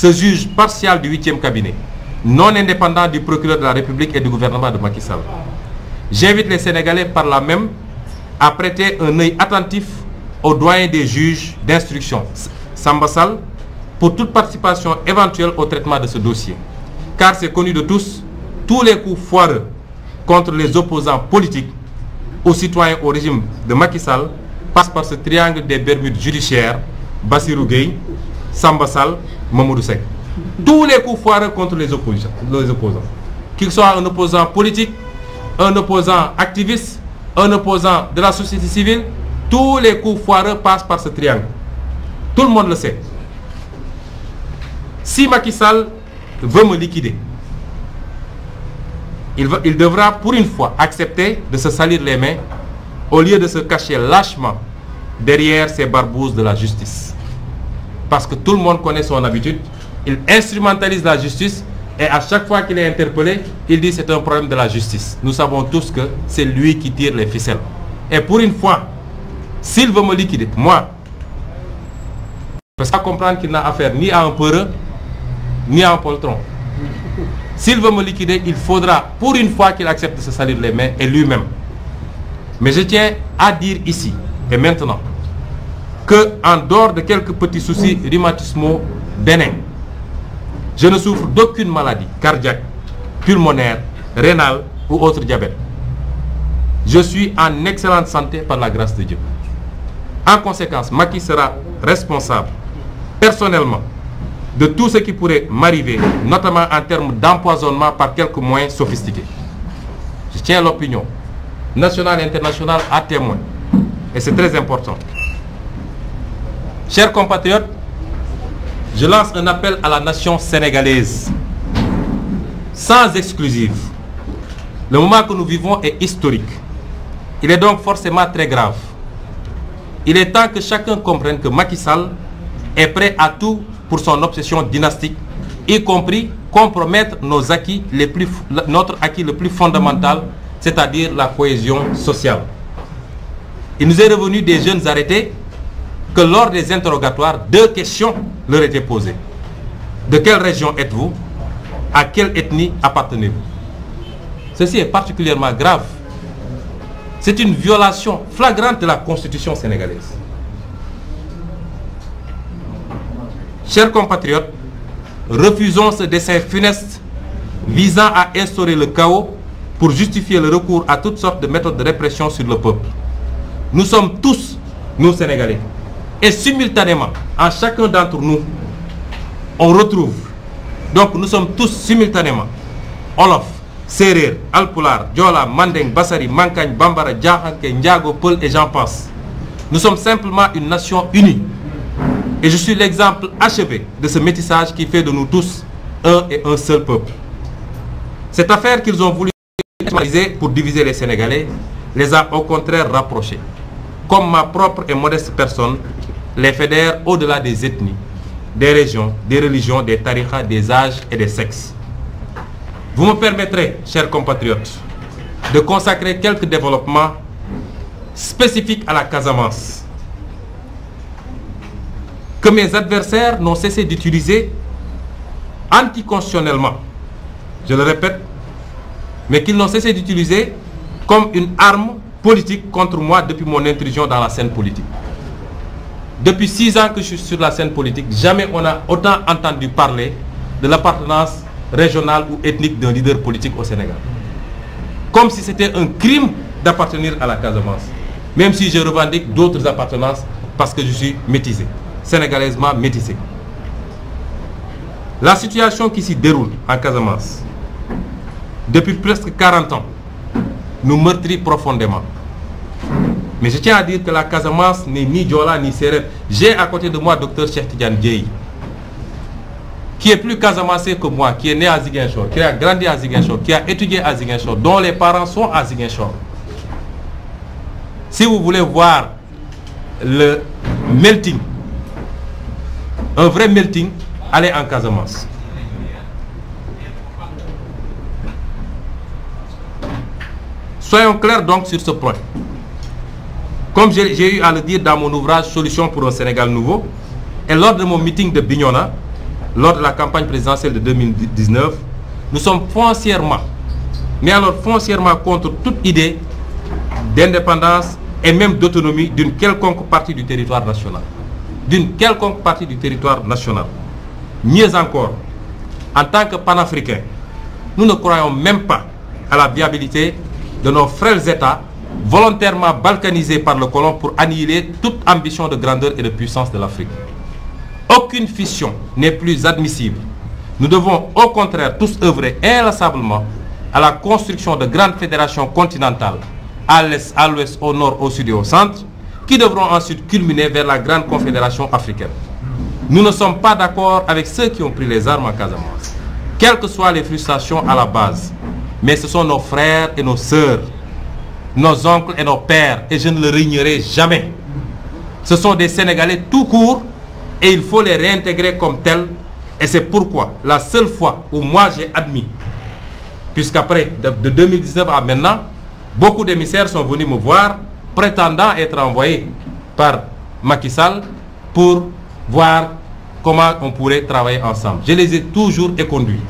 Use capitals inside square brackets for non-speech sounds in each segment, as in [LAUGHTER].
ce juge partial du huitième cabinet, non indépendant du procureur de la République et du gouvernement de Macky J'invite les Sénégalais par là même à prêter un œil attentif aux doyens des juges d'instruction, Samba Sall, pour toute participation éventuelle au traitement de ce dossier. Car c'est connu de tous, tous les coups foireux contre les opposants politiques aux citoyens au régime de Macky Sall passent par ce triangle des Bermudes judiciaires, Bassirou Gueye, Mamadou Seck tous les coups foireux contre les oppositions les opposants qu'il soit un opposant politique un opposant activiste un opposant de la société civile tous les coups foireux passent par ce triangle tout le monde le sait si Macky veut me liquider il va, il devra pour une fois accepter de se salir les mains au lieu de se cacher lâchement derrière ces barbouzes de la justice parce que tout le monde connaît son habitude il instrumentalise la justice et à chaque fois qu'il est interpellé il dit c'est un problème de la justice nous savons tous que c'est lui qui tire les ficelles et pour une fois s'il veut me liquider moi parce que comprendre qu'il n'a affaire ni à un peureux ni à un poltron s'il veut me liquider il faudra pour une fois qu'il accepte de se salir les mains et lui-même mais je tiens à dire ici et maintenant que en dehors de quelques petits soucis rhumatismaux bénins, je ne souffre d'aucune maladie cardiaque, pulmonaire, rénale ou autre diabète. Je suis en excellente santé par la grâce de Dieu. En conséquence, Macky sera responsable personnellement de tout ce qui pourrait m'arriver, notamment en termes d'empoisonnement par quelques moyens sophistiqués. Je tiens l'opinion nationale et internationale à témoin. Et c'est très important. Chers compatriotes, je lance un appel à la nation sénégalaise, sans exclusive. Le moment que nous vivons est historique. Il est donc forcément très grave. Il est temps que chacun comprenne que Macky Sall est prêt à tout pour son obsession dynastique, y compris compromettre nos acquis les plus, notre acquis le plus fondamental, c'est-à-dire la cohésion sociale. Il nous est revenu des jeunes arrêtés que lors des interrogatoires, deux questions leur étaient posées. De quelle région êtes-vous? À quelle ethnie appartenez-vous? Ceci est particulièrement grave. C'est une violation flagrante de la Constitution sénégalaise. Chers compatriotes, refusons ce dessein funeste visant à instaurer le chaos pour justifier le recours à toutes sortes de méthodes de répression sur le peuple. Nous sommes tous, nous Sénégalais. Et simultanément, en chacun d'entre nous, on retrouve. Donc nous sommes tous simultanément Wolof, Séeréer, Alpulaar, Joola, Mandeng, Bassari, Mankagne, Bambara, Jaaxanke, Njaago, Pël et j'en passe. Nous sommes simplement une nation unie. Et je suis l'exemple achevé de ce métissage qui fait de nous tous un et un seul peuple. Cette affaire qu'ils ont voulu utiliser pour diviser les Sénégalais les a au contraire rapprochés. Comme ma propre et modeste personne, les fédère au-delà des ethnies, des régions, des religions, des tariqas, des âges et des sexes. Vous me permettrez, chers compatriotes, de consacrer quelques développements spécifiques à la Casamance que mes adversaires n'ont cessé d'utiliser anticonstitutionnellement, je le répète, mais qu'ils n'ont cessé d'utiliser comme une arme politique contre moi depuis mon intrusion dans la scène politique. Depuis six ans que je suis sur la scène politique, jamais on a autant entendu parler de l'appartenance régionale ou ethnique d'un leader politique au Sénégal. Comme si c'était un crime d'appartenir à la Casamance. Même si je revendique d'autres appartenances parce que je suis métissé, sénégalaisement métissé. La situation qui s'y déroule en Casamance, depuis presque 40 ans, nous meurtrit profondément. Mais je tiens à dire que la Casamance n'est ni Diola ni Sérère. J'ai à côté de moi docteur Cheikh Tidiane Dieye, qui est plus casamancé que moi, qui est né à Ziguinchor, qui a grandi à Ziguinchor, qui a étudié à Ziguinchor, dont les parents sont à Ziguinchor. Si vous voulez voir le melting, un vrai melting, allez en Casamance. Soyons clairs donc sur ce point. Comme j'ai eu à le dire dans mon ouvrage Solutions pour un Sénégal nouveau, et lors de mon meeting de Bignona, lors de la campagne présidentielle de 2019, nous sommes foncièrement, mais alors foncièrement contre toute idée d'indépendance et même d'autonomie d'une quelconque partie du territoire national. D'une quelconque partie du territoire national. Mieux encore, en tant que panafricains, nous ne croyons même pas à la viabilité de nos frères États volontairement balkanisé par le colon pour annihiler toute ambition de grandeur et de puissance de l'Afrique. Aucune fission n'est plus admissible. Nous devons au contraire tous œuvrer inlassablement à la construction de grandes fédérations continentales, à l'est, à l'ouest, au nord, au sud et au centre, qui devront ensuite culminer vers la grande confédération africaine. Nous ne sommes pas d'accord avec ceux qui ont pris les armes à Casamance, quelles les frustrations à la base. Mais ce sont nos frères et nos oncles et nos pères, et je ne le régnerai jamais. Ce sont des Sénégalais tout court, et il faut les réintégrer comme tels. Et c'est pourquoi la seule fois où moi j'ai admis, puisqu'après, de 2019 à maintenant, beaucoup d'émissaires sont venus me voir, prétendant être envoyés par Macky Sall pour voir comment on pourrait travailler ensemble. Je les ai toujours éconduits.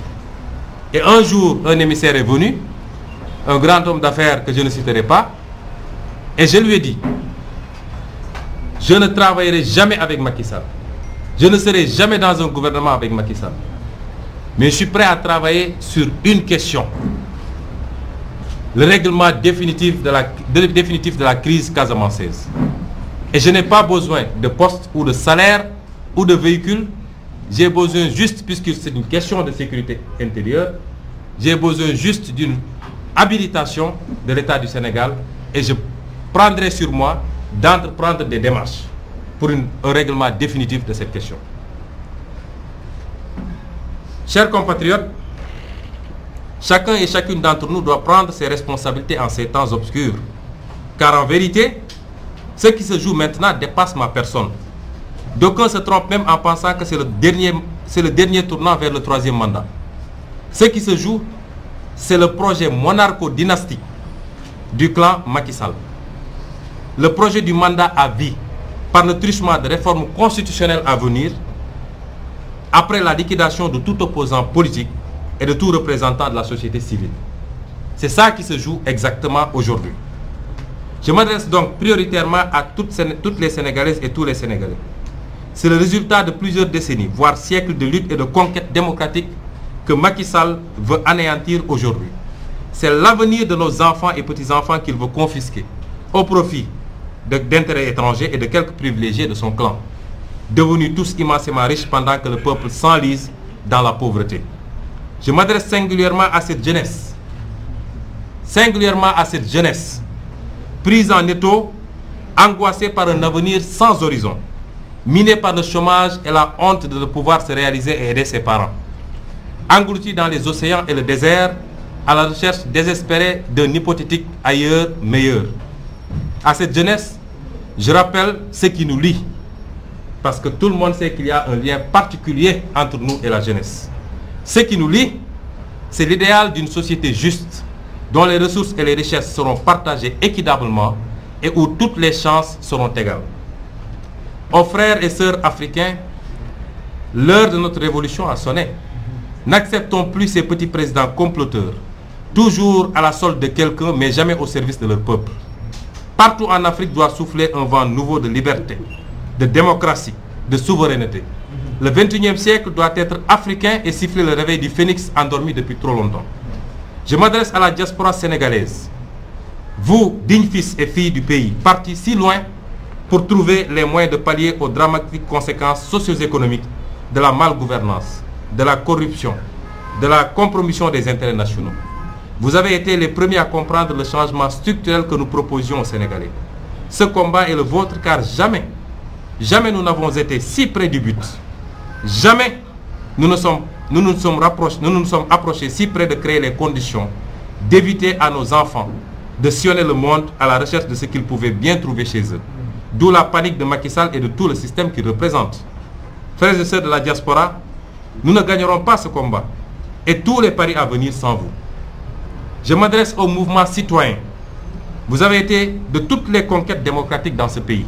Et un jour, un émissaire est venu un grand homme d'affaires que je ne citerai pas, et je lui ai dit, je ne travaillerai jamais avec Macky Sall. Je ne serai jamais dans un gouvernement avec Macky Mais je suis prêt à travailler sur une question. Le règlement définitif de la, de, définitif de la crise casamanceaise. Et je n'ai pas besoin de poste ou de salaire ou de véhicule. J'ai besoin juste, puisque c'est une question de sécurité intérieure, j'ai besoin juste d'une habilitation de l'État du Sénégal et je prendrai sur moi d'entreprendre des démarches pour une, un règlement définitif de cette question. Chers compatriotes, chacun et chacune d'entre nous doit prendre ses responsabilités en ces temps obscurs, car en vérité, ce qui se joue maintenant dépasse ma personne. D'aucuns se trompent même en pensant que c'est le dernier, c'est le dernier tournant vers le troisième mandat. Ce qui se joue c'est le projet monarcho-dynastique du clan Macky Sall. Le projet du mandat à vie par le truchement de réformes constitutionnelles à venir après la liquidation de tout opposant politique et de tout représentant de la société civile. C'est ça qui se joue exactement aujourd'hui. Je m'adresse donc prioritairement à toutes, toutes les Sénégalaises et tous les Sénégalais. C'est le résultat de plusieurs décennies, voire siècles de lutte et de conquête démocratique que Macky Sall veut anéantir aujourd'hui. C'est l'avenir de nos enfants et petits-enfants qu'il veut confisquer au profit d'intérêts étrangers et de quelques privilégiés de son clan, devenus tous immensément riches pendant que le peuple s'enlise dans la pauvreté. Je m'adresse singulièrement à cette jeunesse, singulièrement à cette jeunesse, prise en étau, angoissée par un avenir sans horizon, minée par le chômage et la honte de ne pouvoir se réaliser et aider ses parents. englouti dans les océans et le désert, à la recherche désespérée d'un hypothétique ailleurs meilleur. À cette jeunesse, je rappelle ce qui nous lie, parce que tout le monde sait qu'il y a un lien particulier entre nous et la jeunesse. Ce qui nous lie, c'est l'idéal d'une société juste, dont les ressources et les richesses seront partagées équitablement et où toutes les chances seront égales. Aux frères et sœurs africains, l'heure de notre révolution a N'acceptons plus ces petits présidents comploteurs, toujours à la solde de quelqu'un, mais jamais au service de leur peuple. Partout en Afrique doit souffler un vent nouveau de liberté, de démocratie, de souveraineté. Le 21e siècle doit être africain et siffler le réveil du phénix endormi depuis trop longtemps. Je m'adresse à la diaspora sénégalaise. Vous, dignes fils et filles du pays, partis si loin pour trouver les moyens de pallier aux dramatiques conséquences socio-économiques de la malgouvernance. de la corruption, de la compromission des intérêts nationaux. Vous avez été les premiers à comprendre le changement structurel que nous proposions aux Sénégalais. Ce combat est le vôtre car jamais, jamais nous n'avons été si près du but. Jamais nous ne sommes, nous nous sommes, rapprochés, nous nous approchés si près de créer les conditions d'éviter à nos enfants de sillonner le monde à la recherche de ce qu'ils pouvaient bien trouver chez eux. D'où la panique de Macky et de tout le système qu'il représente. Frères et la diaspora, Nous ne gagnerons pas ce combat et tous les paris à venir sans vous. Je m'adresse au mouvement citoyen. Vous avez été de toutes les conquêtes démocratiques dans ce pays.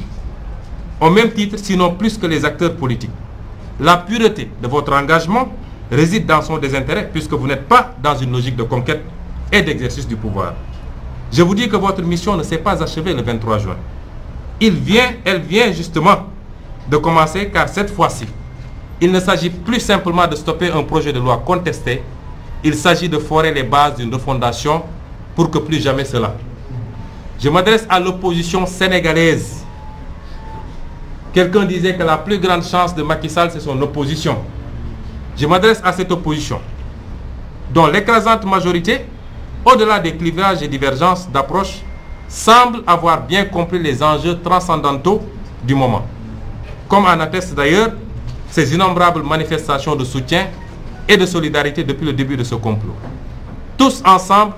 Au même titre, sinon plus que les acteurs politiques. La pureté de votre engagement réside dans son désintérêt puisque vous n'êtes pas dans une logique de conquête et d'exercice du pouvoir. Je vous dis que votre mission ne s'est pas achevée le 23 juin. Il vient, elle vient justement de fois-ci, Il ne s'agit plus simplement de stopper un projet de loi contesté, il s'agit de forer les bases d'une refondation pour que plus jamais cela. Je m'adresse à l'opposition sénégalaise. Quelqu'un disait que la plus grande chance de Macky Sall, c'est son opposition. Je m'adresse à cette opposition, dont l'écrasante majorité, au-delà des clivages et divergences d'approche, semble avoir bien compris les enjeux transcendantaux du moment. Comme en atteste d'ailleurs ces innombrables manifestations de soutien et de solidarité depuis le début de ce complot. Tous ensemble,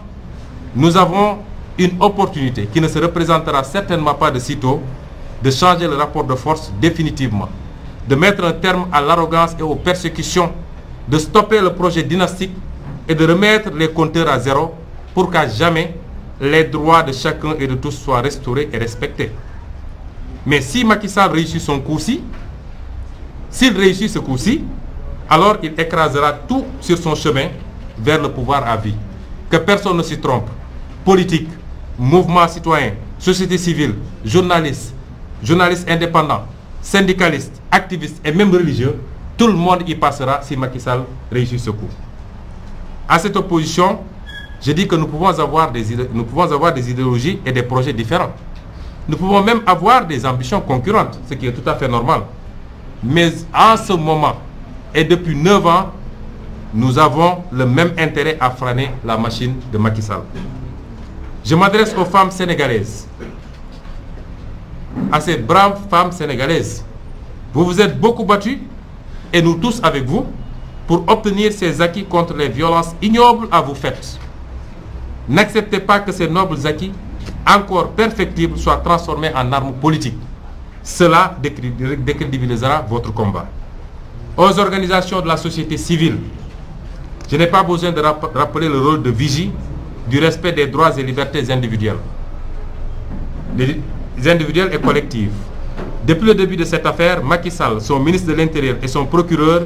nous avons une opportunité qui ne se représentera certainement pas de sitôt de changer le rapport de force définitivement, de mettre un terme à l'arrogance et aux persécutions, de stopper le projet dynastique et de remettre les compteurs à zéro pour qu'à jamais les droits de chacun et de tous soient restaurés et respectés. Mais si Macky Sall son coup-ci, S'il réussit ce coup si alors il écrasera tout sur son chemin vers le pouvoir à vie. Que personne ne s'y trompe. Politique, mouvement citoyen, société civile, journalistes, journalistes indépendants, syndicalistes, activistes et même religieux, tout le monde y passera si Macky Sall réussit ce coup. À cette opposition, je dis que nous pouvons avoir des nous pouvons avoir idéologies et des projets différents. Nous pouvons même avoir des ambitions concurrentes, ce qui est tout à Mais à ce moment, et depuis 9 ans, nous avons le même intérêt à freiner la machine de Macky Sall. Je m'adresse aux femmes sénégalaises, à ces braves femmes sénégalaises. Vous vous êtes beaucoup battues, et nous tous avec vous, pour obtenir ces acquis contre les violences ignobles à vous faites. N'acceptez pas que ces nobles acquis, encore perfectibles, soient transformés en armes politiques. Cela décrédibilisera votre combat. Aux organisations de la société civile, je n'ai pas besoin de rappeler le rôle de vigie du respect des droits et libertés individuelles, les individuelles et collectives. Depuis le début de cette affaire, Macky Sall, son ministre de l'Intérieur et son procureur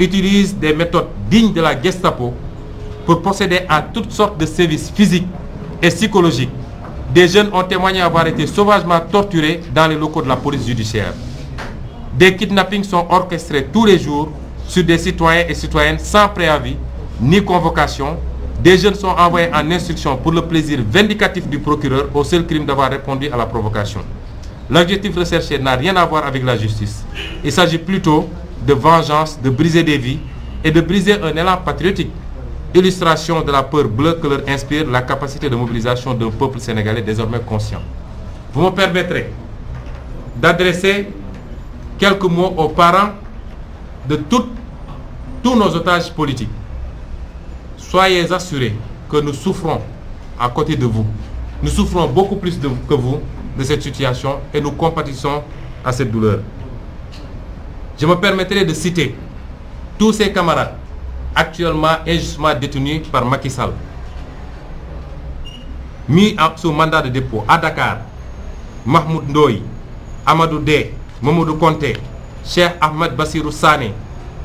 utilisent des méthodes dignes de la Gestapo pour procéder à toutes sortes de services physiques et psychologiques Des jeunes ont témoigné avoir été sauvagement torturés dans les locaux de la police judiciaire. Des kidnappings sont orchestrés tous les jours sur des citoyens et citoyennes sans préavis ni convocation. Des jeunes sont envoyés en instruction pour le plaisir vindicatif du procureur au seul crime d'avoir répondu à la provocation. L'objectif recherché n'a rien à voir avec la justice. Il s'agit plutôt de vengeance, de briser des vies et de briser un élan patriotique. illustration de la peur bleue que leur inspire la capacité de mobilisation d'un peuple sénégalais désormais conscient. Vous me permettrez d'adresser quelques mots aux parents de tout, tous nos otages politiques. Soyez assurés que nous souffrons à côté de vous. Nous souffrons beaucoup plus de, que vous de cette situation et nous compatissons à cette douleur. Je me permettrai de citer tous ces camarades actuellement injustement détenu par Macky Sall mis en sous mandat de dépôt à Dakar Mahmoud Ndoye Amadou Dé Mamadou Konté Cheikh Ahmed Bassirou Sané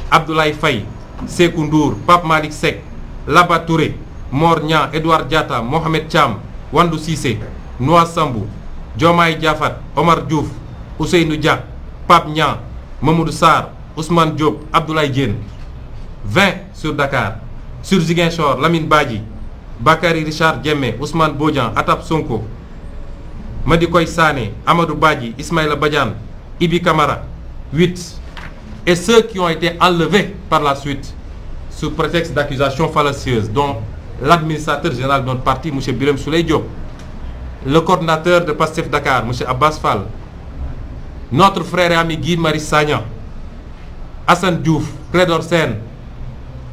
Abdoulaye Faye Sékou Ndour Pape Malick Seck Laba Touré Mor Niang Edouard Mohamed Thiam Wandou Cissé Noa Sambou Diomaye Diafat Omar Diouf Ousseynou Dia Pape Niang Mamadou Sarr Ousmane Diop Abdoulaye Diène 20 sur Dakar sur Ziguinchor Lamine Badji Bakary Richard Diémé Ousmane Bodian Atap Sonko Madikoy Sané Amadou Badji Ismaïla Badiane Ibi Kamara 8 et ceux qui ont été enlevés par la suite sous prétexte d'accusations fallacieuses dont l'administrateur général de notre parti monsieur Birame Souleye Diop le coordinateur de Pastef Dakar monsieur Abbas Fall notre frère et ami Guy Marius Sagna Assane Diouf Clédor Sène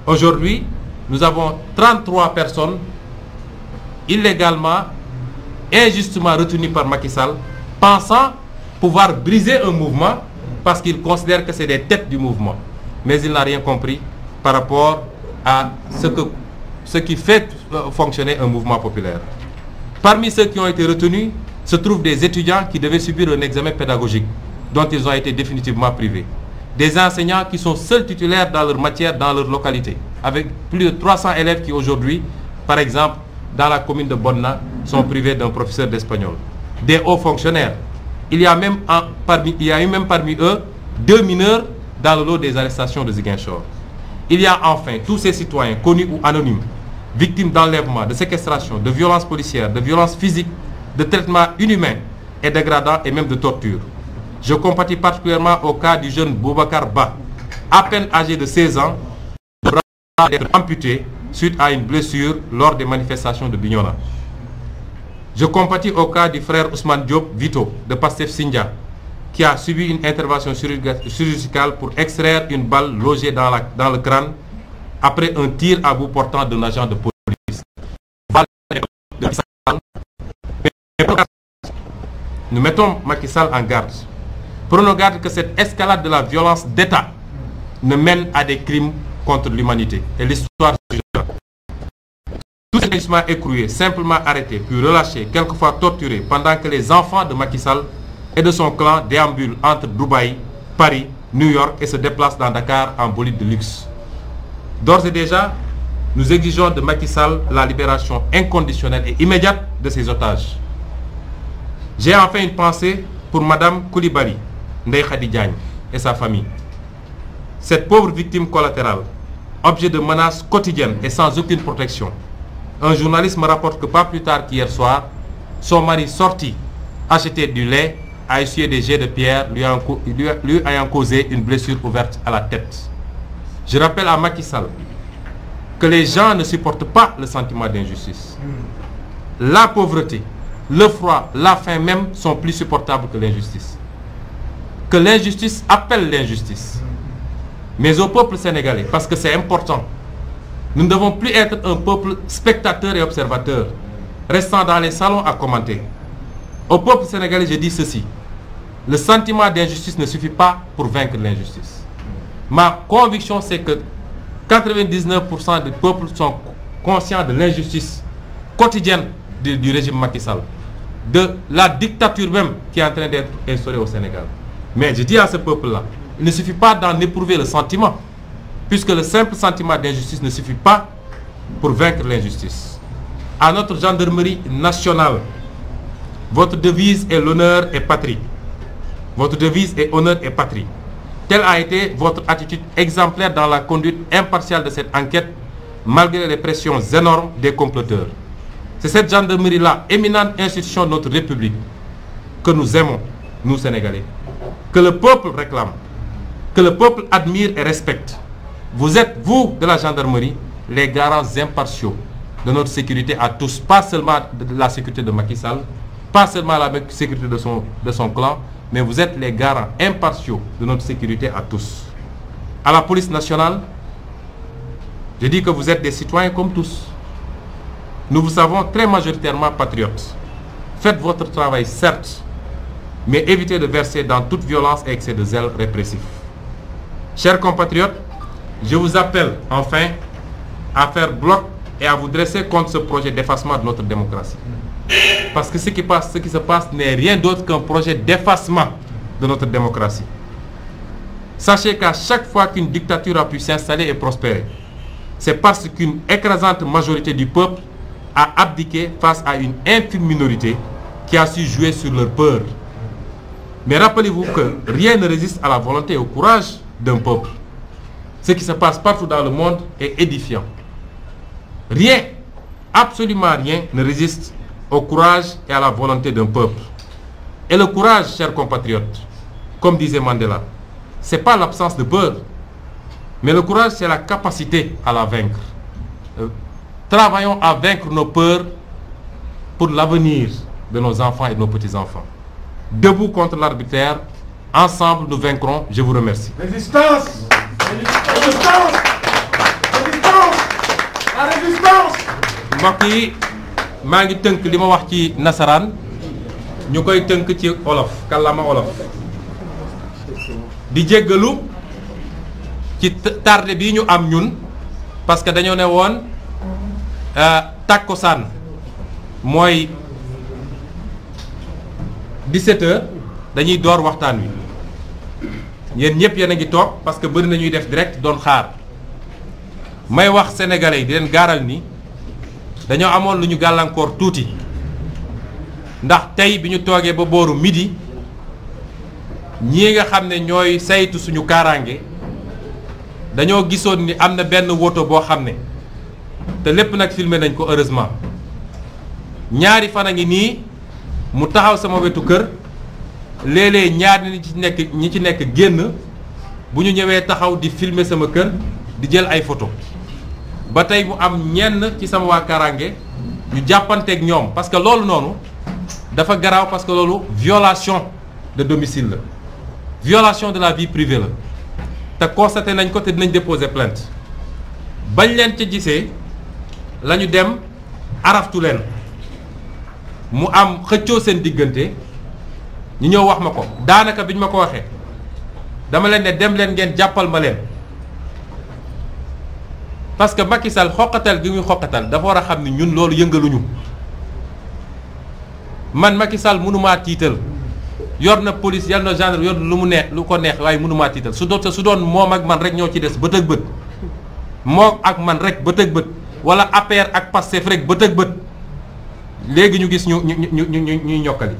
Aujourd'hui, nous avons 33 personnes illégalement, injustement retenues par Macky Sall, pensant pouvoir briser un mouvement parce qu'ils considèrent que c'est des têtes du mouvement. Mais il n'a rien compris par rapport à ce que ce qui fait euh, fonctionner un mouvement populaire. Parmi ceux qui ont été retenus se trouvent des étudiants qui devaient subir un examen pédagogique dont ils ont été définitivement privés. des enseignants qui sont seuls titulaires dans leur matière, dans leur localité, avec plus de élèves qui aujourd'hui, par exemple, dans la commune de Bonna, sont privés d'un professeur d'espagnol. Des hauts fonctionnaires. Il y a même en, parmi, il y eu même parmi eux deux mineurs dans le lot des arrestations de Ziguinchor. Il y a enfin tous ces citoyens, connus ou anonymes, victimes d'enlèvement, de séquestration, de violences policières, de violences physiques, de traitements inhumains et dégradants et même de Je compatis particulièrement au cas du jeune Boubacar Ba, à peine âgé de 16 ans, le bras amputé suite à une blessure lors des manifestations de Bignona. Je compatis au cas du frère Ousmane Diop Vito de Pastef Sindia, qui a subi une intervention chirurgicale pour extraire une balle logée dans, la, dans le crâne après un tir à bout portant d'un agent de police. Nous mettons Macky en garde Prenons garde que cette escalade de la violence d'État ne mène à des crimes contre l'humanité. Et l'histoire jugera. Tous ces agissements écroués, simplement arrêtés, puis relâchés, quelquefois torturés, pendant que les enfants de Macky Sall et de son clan déambulent entre Dubaï, Paris, New York et se déplacent dans Dakar en bolide de luxe. D'ores et déjà, nous exigeons de Macky Sall la libération inconditionnelle et immédiate de ses otages. J'ai enfin une pensée pour Madame Koulibaly, Ndeye Khady Diagne et sa famille. Cette pauvre victime collatérale, objet de menaces quotidiennes et sans aucune protection. Un journaliste me rapporte que pas plus tard qu'hier soir, son mari sorti acheter du lait a essuyé des jets de pierre lui ayant, causé une blessure ouverte à la tête. Je rappelle à Macky Sall que les gens ne supportent pas le sentiment d'injustice. La pauvreté, le froid, la faim même sont plus supportables que l'injustice. que l'injustice appelle l'injustice. Mais au peuple sénégalais, parce que c'est important, nous ne devons plus être un peuple spectateur et observateur, restant dans les salons à commenter. Au peuple sénégalais, je dis ceci. Le sentiment d'injustice ne suffit pas pour vaincre l'injustice. Ma conviction, c'est que 99% des peuples sont conscients de l'injustice quotidienne du, du régime Macky Sall, de la dictature même qui est en train d'être Sénégal. Mais je dis à ce peuple-là, il ne suffit pas d'en éprouver le sentiment, puisque le simple sentiment d'injustice ne suffit pas pour vaincre l'injustice. À notre gendarmerie nationale, votre devise est l'honneur et patrie. Votre devise est honneur est patrie. Telle a été votre attitude exemplaire dans la conduite impartiale de cette enquête, malgré les pressions énormes des comploteurs. C'est cette gendarmerie-là, éminente institution de notre République, que nous aimons, nous Sénégalais. que le peuple réclame, que le peuple admire et respecte. Vous êtes, vous, de la gendarmerie, les garants impartiaux de notre sécurité à tous, pas seulement de la sécurité de Macky Sall, pas seulement la sécurité de son, de son clan, mais vous êtes les garants impartiaux de notre sécurité à tous. À la police nationale, je dis que vous êtes des citoyens comme tous. Nous vous savons très majoritairement patriotes. Faites votre travail, certes, mais éviter de verser dans toute violence et excès de zèle répressif. Chers compatriotes, je vous appelle enfin à faire bloc et à vous dresser contre ce projet d'effacement de notre démocratie. Parce que ce qui passe, ce qui se passe n'est rien d'autre qu'un projet d'effacement de notre démocratie. Sachez qu'à chaque fois qu'une dictature a pu s'installer et prospérer, c'est parce qu'une écrasante majorité du peuple a abdiqué face à une infime minorité qui a su jouer sur leur Mais rappelez-vous que rien ne résiste à la volonté et au courage d'un peuple. Ce qui se passe partout dans le monde et édifiant. Rien, absolument rien, ne résiste au courage et à la volonté d'un peuple. Et le courage, chers compatriotes, comme disait Mandela, c'est pas l'absence de peur, mais le courage, c'est la capacité à la vaincre. Euh, travaillons à vaincre nos peurs pour l'avenir de nos enfants et de nos petits-enfants. debout contre l'arbitraire ensemble nous vaincrons je vous remercie résistance résistance mbokk yi maa ngi tënk lima wax ci nasaraan ñu koy tënk ci olof kàllaama olof di jéggalu ci tardé bi ñu am ñun parce que dañoo ne woon euh, takkusaan mooy 17h dañuy door waxtaan wi yéen ñëpp yéen a ngi toog parce que bëri nañuy def direct doon xaar may wax sénégalais yi di leen gaaral ni dañoo amoon lu ñu gàllankoor tuuti ndax tey bi ñu toogee ba booru midi ñii nga xam ne ñooy saytu suñu kaaraange dañoo gisoon ni am na benn woto boo xam ne te lépp nag filmé nañ ko heureusement ñaari fan a ngi nii. mu taxaw sama wetu kër léeg-léeg ñaar ñi ci nekk ñi ci nekk génn bu ñu ñëwee taxaw di filmer sama kër di jël ay photo ba tey mu am ñenn ci sama waa karange ñu jàppanteeg ñoom parce que loolu noonu dafa garaaw parce que loolu violation de domicile la violation de la vie privée la te constaté nañ ko te dinañ déposer plainte bañ leen ca gisee la ñu dem araftu leen mu am xëccoo seen diggante ñu ñëw wax ma ko daanaka biñ ma ko waxee dama leen ne dem leen ngeen jàppal ma leen parce que Macky Sall xoqatal gi muy xoqatal dafa war a xam ni ñun loolu yëngaluñu man Macky Sall mënumaa tiital yor na police yal na gendarme yor lu mu neex lu ko neex waaye mënumaa tiital su doon su doon moom ak man rek ñoo ci des bët ak bët moom ak man rek bët ak bët wala APR ak Pastef rek bët ak bët. léegi ñu gis ñu ñu ñu ñu ñuy ñokkali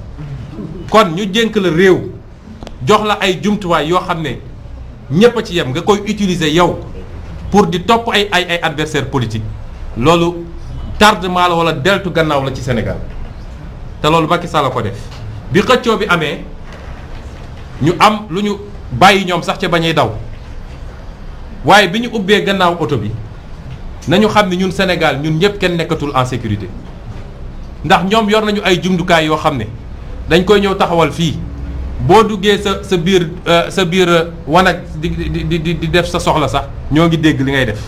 kon ñu jënk la réew jox la ay jumtuwaay yoo xam ne ñépp a ci yem nga koy utiliser yow pour di topp ay ay ay adversaire politique loolu tardement la wala deltu gannaaw la ci Sénégal te loolu Macky Sall la ko def bi xëccoo bi amee ñu am lu ñu bàyyi ñoom sax ca bañuy daw waaye bi ñu ubbee gannaaw oto bi nañu xam ne ñun Sénégal ñun ñëpp kenn nekkatul en sécurité ndax ñoom yor nañu ay jumtukaay yoo xam ne dañ koy ñëw taxawal fii boo duggee sa sa biir euh, sa biir euh, wanag di di def sa soxla sax ñoo ngi dégg li ngay def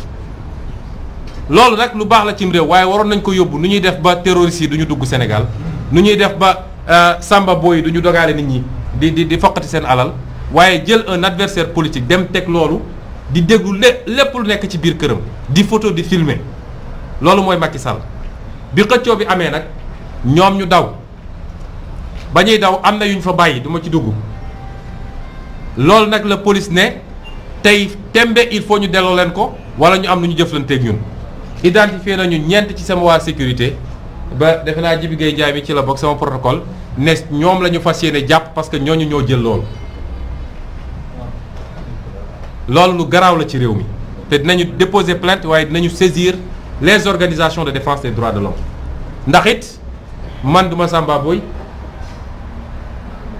loolu rek lu baax la cim réew waaye waroon nañ ko yóbbu nu ñuy def ba terroristes yi du ñu dugg senegal nu ñuy def ba euh, samba boy yi ñu dogaale nit ñi di di di foqati seen alal waaye jël un adversaire politique dem teg loolu di déglu lé lépp lu nekk ci biir këram di photo di filme loolu mooy Macky Sall bi xëccoo bi amee nag. ñoom ñu daw ba ñuy daw am na yu ñu fa bàyyi du ma ci dugg loolu nag la police ne tey tembe il faut ñu delloo leen ko wala ñu am nu ñu jëflanteeg ñun identifié nañu ñeent ci sama waa sécurité ba defe naa Jibi ngay Ndiaye mi ci la bokk sama protocole ne ñoom la ñu fas yéene jàpp parce que ñooñu ñoo jël loolu loolu lu garaaw la ci réew mi te dinañu déposer plainte waaye dinañu saisir les organisations de défense des droits de l'homme ndax it man duma ma Samba Boy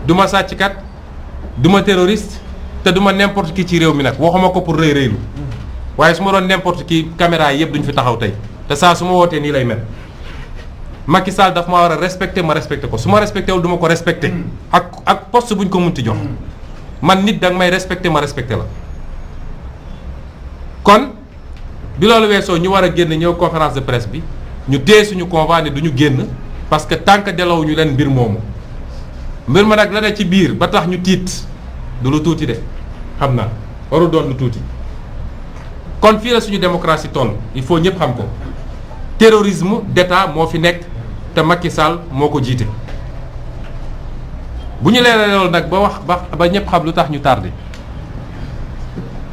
du ma sàcckat du ma terroriste te du ma n'importe qui ci réew mi nag waxuma ko pour rëy rëylu waaye su ma doon n'importe qui caméra yi yëpp duñu fi taxaw tey te saa su ma wootee nii lay mel ki Sall dafa ma war a respecté ma respecté ko su ma respecté wul du ko respecté. ak ak poste bu ñu ko munti jox. man nit danga may respecté ma respecté la kon bi loolu weesoo ñu war a génn ñëw conférence de presse bi ñu téye suñu convoi du ñu génn. parce que tant que delaw ñu leen mbir moomu mbir ma nag la ne ci biir ba tax ñu tiit du lu tuuti de xam na waru doon lu tuuti kon fii la suñu démocratie toll il faut ñëpp xam ko terrorisme d'État moo fi nekk te Macky Sall moo ko jiite bu ñu leeralee loolu nag ba wax ba ba ñëpp xam lu tax ñu tàrdi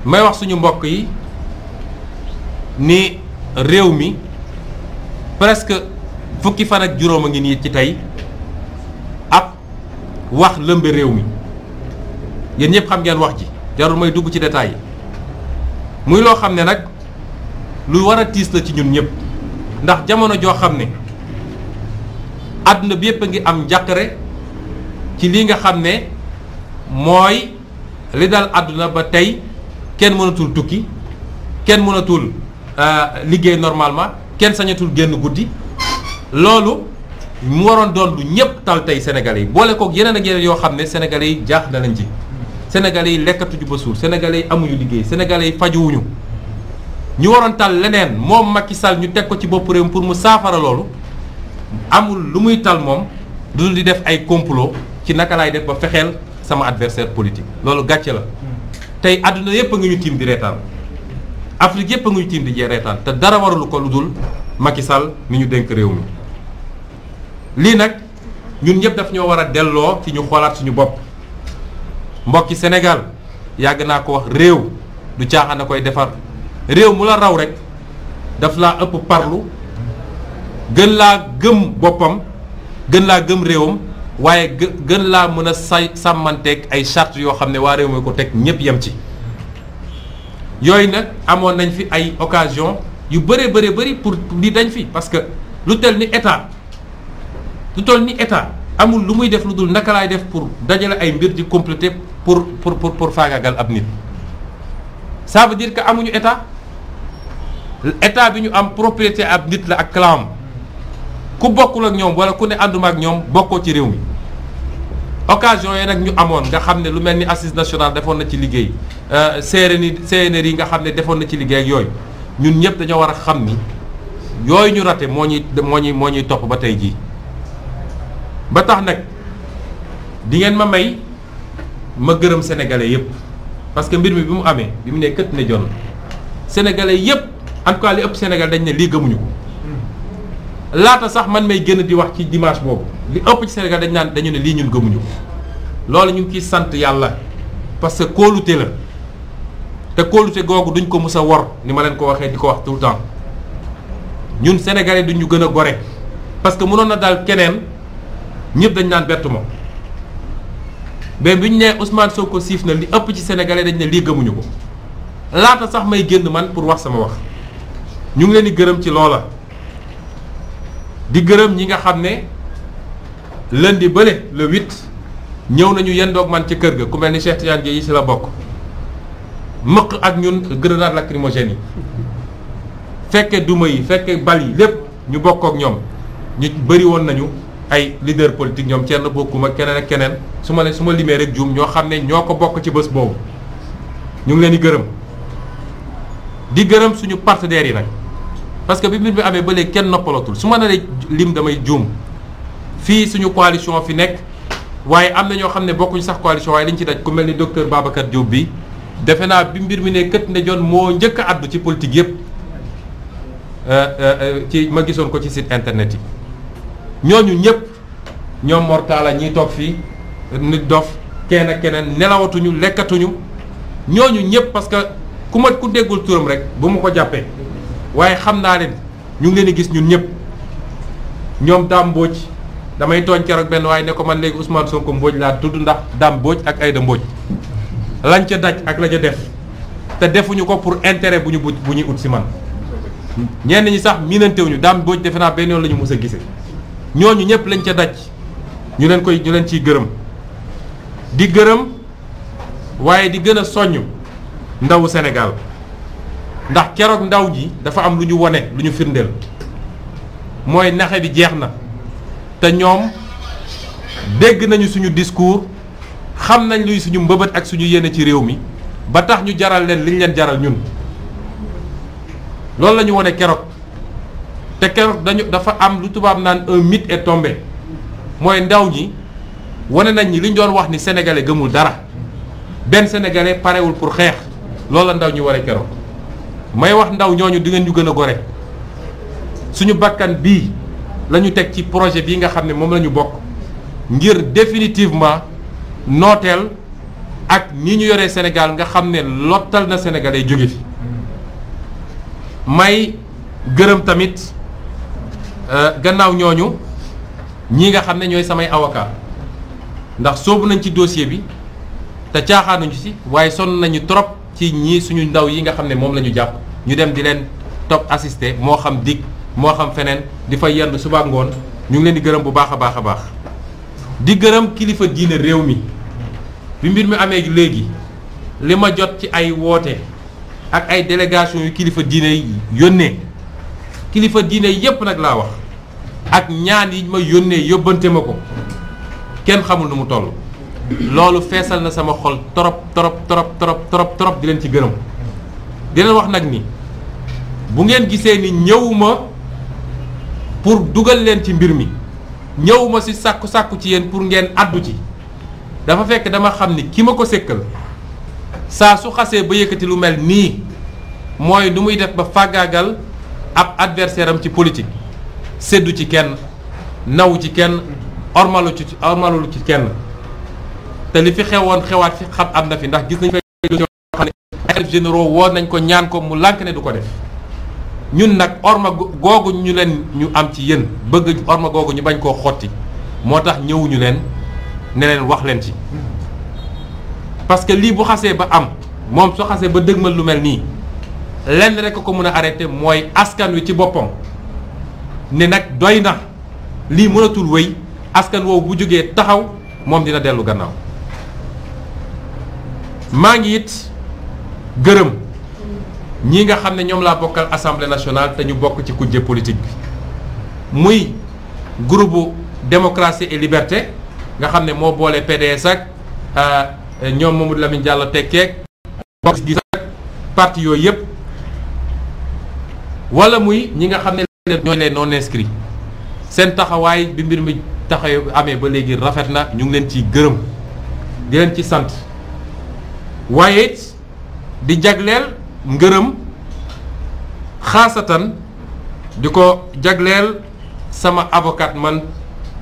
may wax suñu mbokk yi ni réew mi fukki fan ak juróom a ngi nii ci tey ab wax lëmbe réew mi yéen ñëpp xam ngeen wax ji jarul may dugg ci détails yi muy loo xam ne nag lu war a tiis la ci ñun ñëpp ndax jamono joo xam ne àdduna bi yëpp a ngi am njàqare ci li nga xam ne mooy li dal àdduna ba tey kenn mënatul tukki kenn mënatul euh, liggéey normalement kenn sañatul génn guddi loolu mu waroon doon lu ñëpp tal tey sénégalais yi boole kook yeneen ak yeneen yoo xam ne sénégalais yi jaax na lañ ci sénégalais yi ju ba suur sénégalais yi amuñu liggéey sénégalais yi fajuwuñu ñu waroon tal leneen moom Macky Sall ñu teg ko ci bopp réew pour mu saafara loolu amul lu muy tal moom du di def ay complot ci naka laay def ba fexeel sama adversaire politique loolu gàcce la tey àdduna yépp a ngi ñu tiim di reetaan Afrique yépp a ngi ñu tiim te dara waralu ko lu dul Macky Sall mi ñu dénk lii nag ñun ñëpp daf ñoo war a delloo ci ñu xoolaat suñu bopp mbokki Sénégal yàgg naa ko wax réew du caaxaan a koy defar réew mu la raw rekk daf laa ëpp parlu gën laa gëm boppam gën laa gëm réewam waaye gën laa mën a say sàmmanteeg ay charte yoo xam ne waa réew mi ko teg ñëpp yem ci yooyu nag amoon nañ fi ay occasion yu bëree bëri bari pour li dañ fi parce que lu tel ni état lu toll ni état amul lu muy def lu dul naka laay def pour dajale ay mbir di compléter pour pour pour pour faagaagal ab nit ça dire que amuñu état état bi ñu am propriété ab nit la ak clam ku bokkul ak ñoom wala ku ne ànduma ak ñoom bokkoo ci réew mi occasion yi nag ñu amoon nga xam ne lu mel ni assise national defoon na ci liggéey CNRI euh, CNRI yi nga xam ne defoon na ci liggéey ak yooyu ñun ñëpp dañoo war a xam ni yooyu ñu rate moo ñuy moo ñuy moo ñuy topp ba tey jii ba tax nag di ngeen ma may ma gërëm sénégalais yëpp parce que mbir mi bi mu amee bi mu ne kët ne jonn sénégalais yëpp en tout cas li ëpp Sénégal ne lii gëmuñu ko laata sax man may gën di wax ci dimanche boobu li ëpp ci dañ naan dañu ne lii ñun gëmuñu ko loolu ñu ngi ciy sant yàlla parce que kóolute la te kóolute googu duñ ko mus a wor ni ma leen ko waxee di ko wax tout le ñun sénégalais duñ ñu gën a gore parce que mënoon na daal keneen. ñëpp dañ naan bett moom mais bi ñu nee soo Sonko siif na li ëpp ci sénégalais dañ ne lii gëmuñu ko laata sax may génn man pour wax sama wax ñu ngi leen di gërëm ci loola di gërëm ñi nga xam ne leen di bële le huit ñëw nañu doog man ci kër ga ku mel ni Cheikh Tidiane Dièye yi si la bokk mëq ak ñun grenade lacrymogène yi fekke duma yi fekke bal yi lépp ñu bokk ak ñoom ñu bëri woon nañu ay leader politique ñoom Thierno bokkuma keneen ak keneen su ma leen suma limee rek juum ñoo xam ne ñoo ko bokk ci bés boobu ñu ngi leen di gërëm di gërëm suñu partenaires yi nag parce que bi mbir mi amee ba léegi kenn noppalatul su ma nee lim damay juum fii suñu coalition fi nekk waaye am na ñoo xam ne bokkuñ sax coalition waaye liñ ci daj ku mel ni docteur Babacar Diop bi defe naa bi mbir mi ne kët ne joon moo njëkk a àddu ci politique yépp euh, euh, euh, ci ma gisoon ko ci site internet yi. ñooñu ñëpp ñoom mortala ñiy toog fii nit dof kenn ak keneen nelawatuñu lekkatuñu ñooñu ñëpp parce que ku ma ku déggul turam rek bu ma ko jàppee waaye xam naa leen ñu ngi leen di gis ñun ñëpp ñoom Dame Mbodj damay tooñ keroog benn waaye ne ko man léegi Ousmane Sonko Mbodj laa tudd ndax Dame Mbodj ak Aïda Mbodj lañ ca daj ak la ca def te defuñu ko pour intérêt bu ñu bu ñuy ut si man ñenn ñi sax miinantewuñu daam Mbodj defe naa benn yoon la ñu mës a gisee. ñooñu ñëpp lañ ca daj ñu leen koy ñu leen ciy gërëm di gërëm waaye di gën a soññ ndawu Sénégal ndax keroog ndaw ji dafa am lu ñu wone lu ñu firndeel mooy naxe bi jeex na te ñoom dégg nañu suñu discours xam nañ luy suñu mbëbët ak suñu yéene ci réew mi ba tax ñu jaral leen liñ leen jaral ñun loolu la ñu wone keroog. te dañu dafa am lu tubaab naan un mythe est tombé mooy ndaw ñi wane nañ ñi li ñu doon wax ni sénégalais gëmul dara benn sénégalais parewul pour xeex loolu ndaw ñi ware keroog may wax ndaw ñooñu di ñu gën a gore suñu bakkan bii lañu teg ci projet bii nga xam ne moom lañu bokk ngir définitivement nooteel ak nii ñu yore Sénégal nga xam ne lottal na sénégalais jóge fi may gërëm tamit Euh, gannaaw ñooñu ñii nga xam ne ñooy samay avocat ndax soobu nañ ci dossier bi te caaxaanuñu si waaye sonn nañu trop ci ñii suñu ndaw yi nga xam ne moom lañu jàpp ñu dem di leen topp assisté moo xam dig moo xam feneen di fa yenn suba ngoon ñu ngi leen di gërëm bu baax a baax a baax di gërëm kilifa diine réew mi bi mbir mi amee léegi li ma jot ci ay woote ak ay délégation yu kilifa diine yónnee kilifa diine yépp nag laa wax ak ñaan yi ma yónnee yóbbante ma ko kenn xamul nu mu toll loolu feesal na sama xol trop trop trop trop trop trop di leen ci gërëm di wax nag ni bu ngeen gisee ni ñëwuma pour dugal leen ci mbir mi ñëwuma si sàkku sàkku ci yéen pour ngeen àddu ci dafa fekk dama xam ni ki ma ko sékkal saa su xasee ba yëkkati lu mel nii mooy nu muy def ba fàggaagal ab adversaire am ci politique séddu ci kenn naw ci kenn ormalu ci ormalu ci kenn te li fi xewoon xewaat fi xam am na fi ndax gis nañ fay ñoo xam ne généraux woon nañ ko ñaan ko mu lànk ne du ko def ñun nag orma googu ñu leen ñu am ci yéen bëgg orma googu ñu bañ koo xotti moo tax ñëwuñu leen ne leen wax leen ci parce que lii bu xasee ba am moom soo xasee ba dëgmal lu mel nii lenn rek ko mën a arrêté mooy askan wi ci boppam ne nag doy na lii mënatul wéy askan woowu bu jógee taxaw moom dina dellu gannaaw maa ngi it gërëm ñi nga xam ne ñoom laa bokkal assemblée nationale te ñu bokk ci kujje politique bi muy groupe démocratie et liberté nga xam ne moo boole PDS ak euh, ñoom Mamadou Lamine jàll tekkeeg bokk gis ak parti yooyu yëpp. wala muy ñi nga xam ne ñooy les non seen taxawaay bi mbir mi taxaw amee ba léegi rafet na ñu ngi leen ciy gërëm di leen ci sant waaye di jagleel ngërëm xaasatan di ko jagleel sama avocat man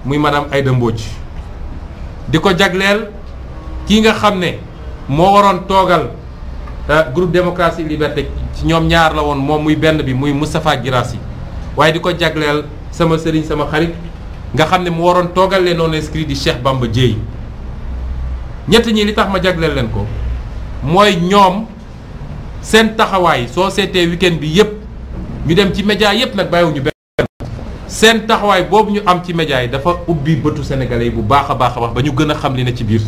muy madame Aïda Mbodj di ko jagleel ki nga xam ne moo waroon toogal Euh, groupe démocratie liberté ci ñoom ñaar la woon moom muy benn bi muy Moustapha Guirassy waaye di ko jagleel sama sëriñ sama xarit nga xam ne mu waroon toogal leen non inscrit di Cheikh Bamba Dièye ñett ñi li tax ma jagleel leen ko mooy ñoom seen taxawaay soo seetee week bi yépp ñu dem ci média yépp nag bàyyiwuñu benn seen taxawaay boobu ñu am ci média yi dafa ubbi bëtu sénégalais yi bu baax a baax a baax ba ñu gën a xam li ne ci biir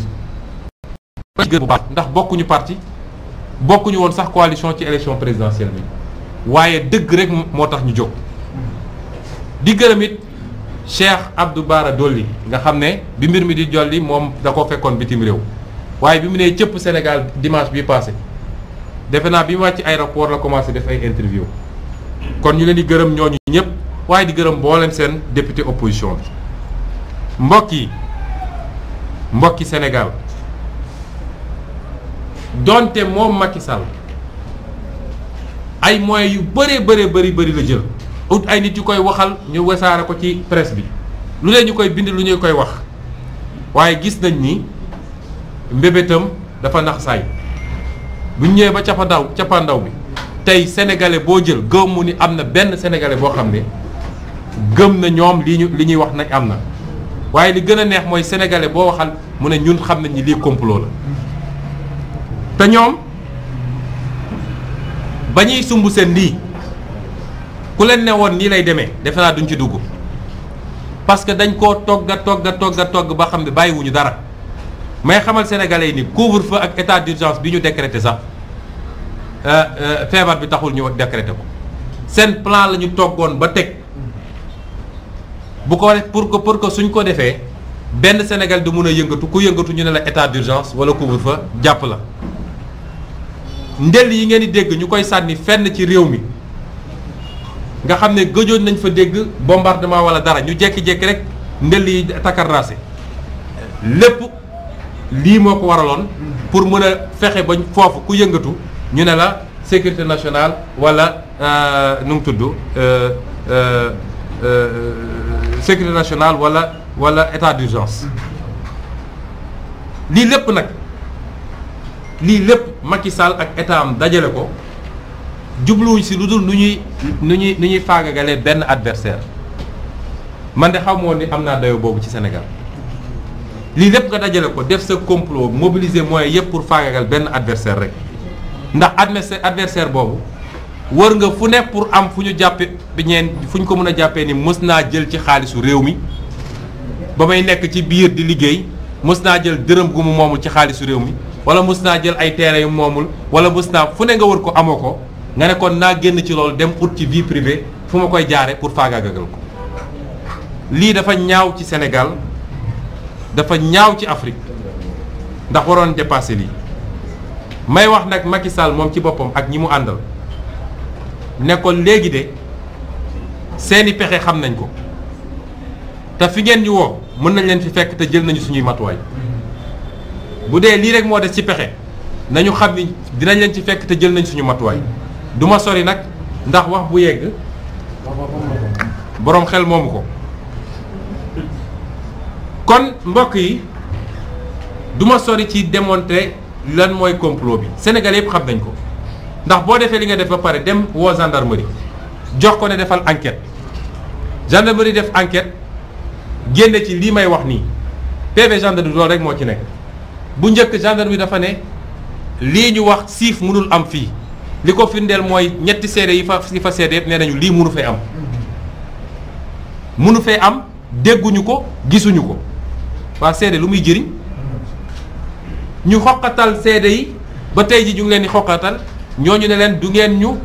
bu ndax bokkuñu parti bokkuñu woon sax coalition ci élection présidentielle bi waaye dëgg rek moo tax ñu jóg di gërëm it Cheikh Abdou Bara Dolli nga xam ne bi mbir mi di jolli moom da ko fekkoon bitim réew waaye bi mu nee cëpp Sénégal dimanche bi passé defe naa bi mu wàcc aéroport la commencé def ay interview kon ñu leen di gërëm ñooñu ñëpp waaye di gërëm mboolem seen député opposition bi mbokk yi mbokki Sénégal donte moom Macky Sall ay moyens yu bëree bëree bëri bëri la jël ut ay nit yu koy waxal ñu wasaare ko ci presse bi lu ne ñu koy bind lu ñu koy wax waaye gis nañ ni mbébétam dafa nax saay bu ñëwee ba cappandaw cappandaw bi tey sénégalais boo jël gëm ni am na benn sénégalais boo xam ne gëm na ñoom li ñu li ñuy wax nag am na waaye li gën a neex mooy sénégalais boo waxal mu ne ñun xam nañ ñi lii complot la. te ñoom ba ñuy sumb seen lii ku leen ne woon nii lay demee defe naa duñ ci dugg parce que dañ koo togga togga togga togg ba xam ne bàyyiwuñu dara may xamal sénégalais ni couvre-feu ak état d'urgence bi ñu décrété sax euh, euh, feebar bi taxul ñu décrété ko seen plan la ñu toggoon ba teg bu ko pour que pour que suñ ko defee benn senegal du mun a yëngatu ku yëngatu ñu ne la état d'urgence wala couvre fa jàpp la ndel yi ngeen di dégg ñu koy sànni fenn ci réew mi nga xam ne gëjoon nañ fa dégg bombardement wala dara ñu jékki-jékki rek ndel yi takarnaase lépp lii moo ko waraloon pour mën a fexe ba foofu ku yëngatu ñu ne la sécurité nationale wala euh, nu mu tudd euh, euh, sécurité nationale wala wala état d'urgence lii lépp nag lii lépp Macky Sall ak état dajale ko jubluwuñ si lu dul nu ñuy nu ñuy nu ñuy faagagalee benn adversaire man de xamoo ni am naa dayo boobu ci senegal lii lépp nga dajale ko def sa complot mobiliser moyens yëpp pour faagagal benn adversaire rek ndax adversaire adversaire boobu wër nga fu ne pour am fu ñu jàppe bi ñeen fu ñu ko mën a jàppee ni mës naa jël ci xaalisu réew mi ba may nekk ci biir di liggéey mës naa jël dërëm gu mu moomul ci xaalisu réew mi wala mus naa jël ay terrain yu moomul wala mus naa fu ne nga wër ko amoo ko nga nekkoon naa génn ci loolu dem ut ci vie privée fu ma koy jaare pour faagaagagal ko lii dafa ñaaw ci senegal dafa ñaaw ci afrig ndax waroon dépassé lii may wax nag Macky Sall moom ci boppam ak ñi mu àndal nekkoon léegi de seeni pexe xam nañ ko te fi ngeen ñu woo mën nañ leen fi fekk te jël nañu suñuy matuwaay bu dee lii rek moo des ci pexe nañu xam ni dinañ leen ci fekk te jël nañ suñu matuwaay duma sori nag ndax wax bu yegg boroom xel moomu ko kon mbokk yi duma sori ci démontrer lan mooy complot bi Sénégal yëpp xam nañ ko ndax boo defee li nga def ba pare dem woo gendarmerie jox ko ne defal enquête gendarmerie def enquête génne ci lii may wax nii PV gendarmerie loolu rek moo ci nekk. bu njëkk gendarmerie dafa ne lii ñu wax siif mënul am fii li ko firndeel mooy ñetti seede yi fa yi fa seede yëpp nañu lii mënu fee am mënu fee am dégguñu ko gisuñu ko waa seede lu muy jëriñ ñu xoqatal seede yi ba tey ji ñu ngi leen di ñoo ñu ne leen du ngeen ñu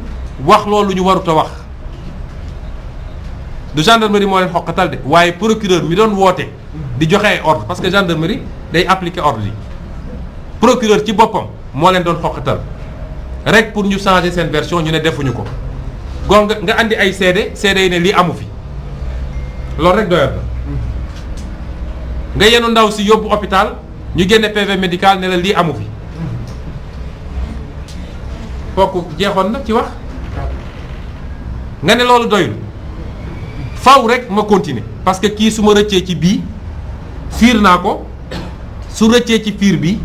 wax loolu ñu warut a wax du gendarmerie moo leen xoqatal de waaye procureur mi doon woote di joxe ay ordre parce que gendarmerie day appliquer ordre li procureur ci boppam moo leen doon xoqatal rek pour ñu changer seen version ñu ne defuñu ko gon nga andi ay seede seede yi ne lii amu fi loolu rek doyoon na nga yenu ndaw si yóbbu hôpital ñu génne PV médical ne la lii amu fi pokk jeexoon na ci wax nga ne loolu doyul faw rek ma continuer parce que kii su ma rëccee ci bii fiir naa ko su rëccee ci fiir bi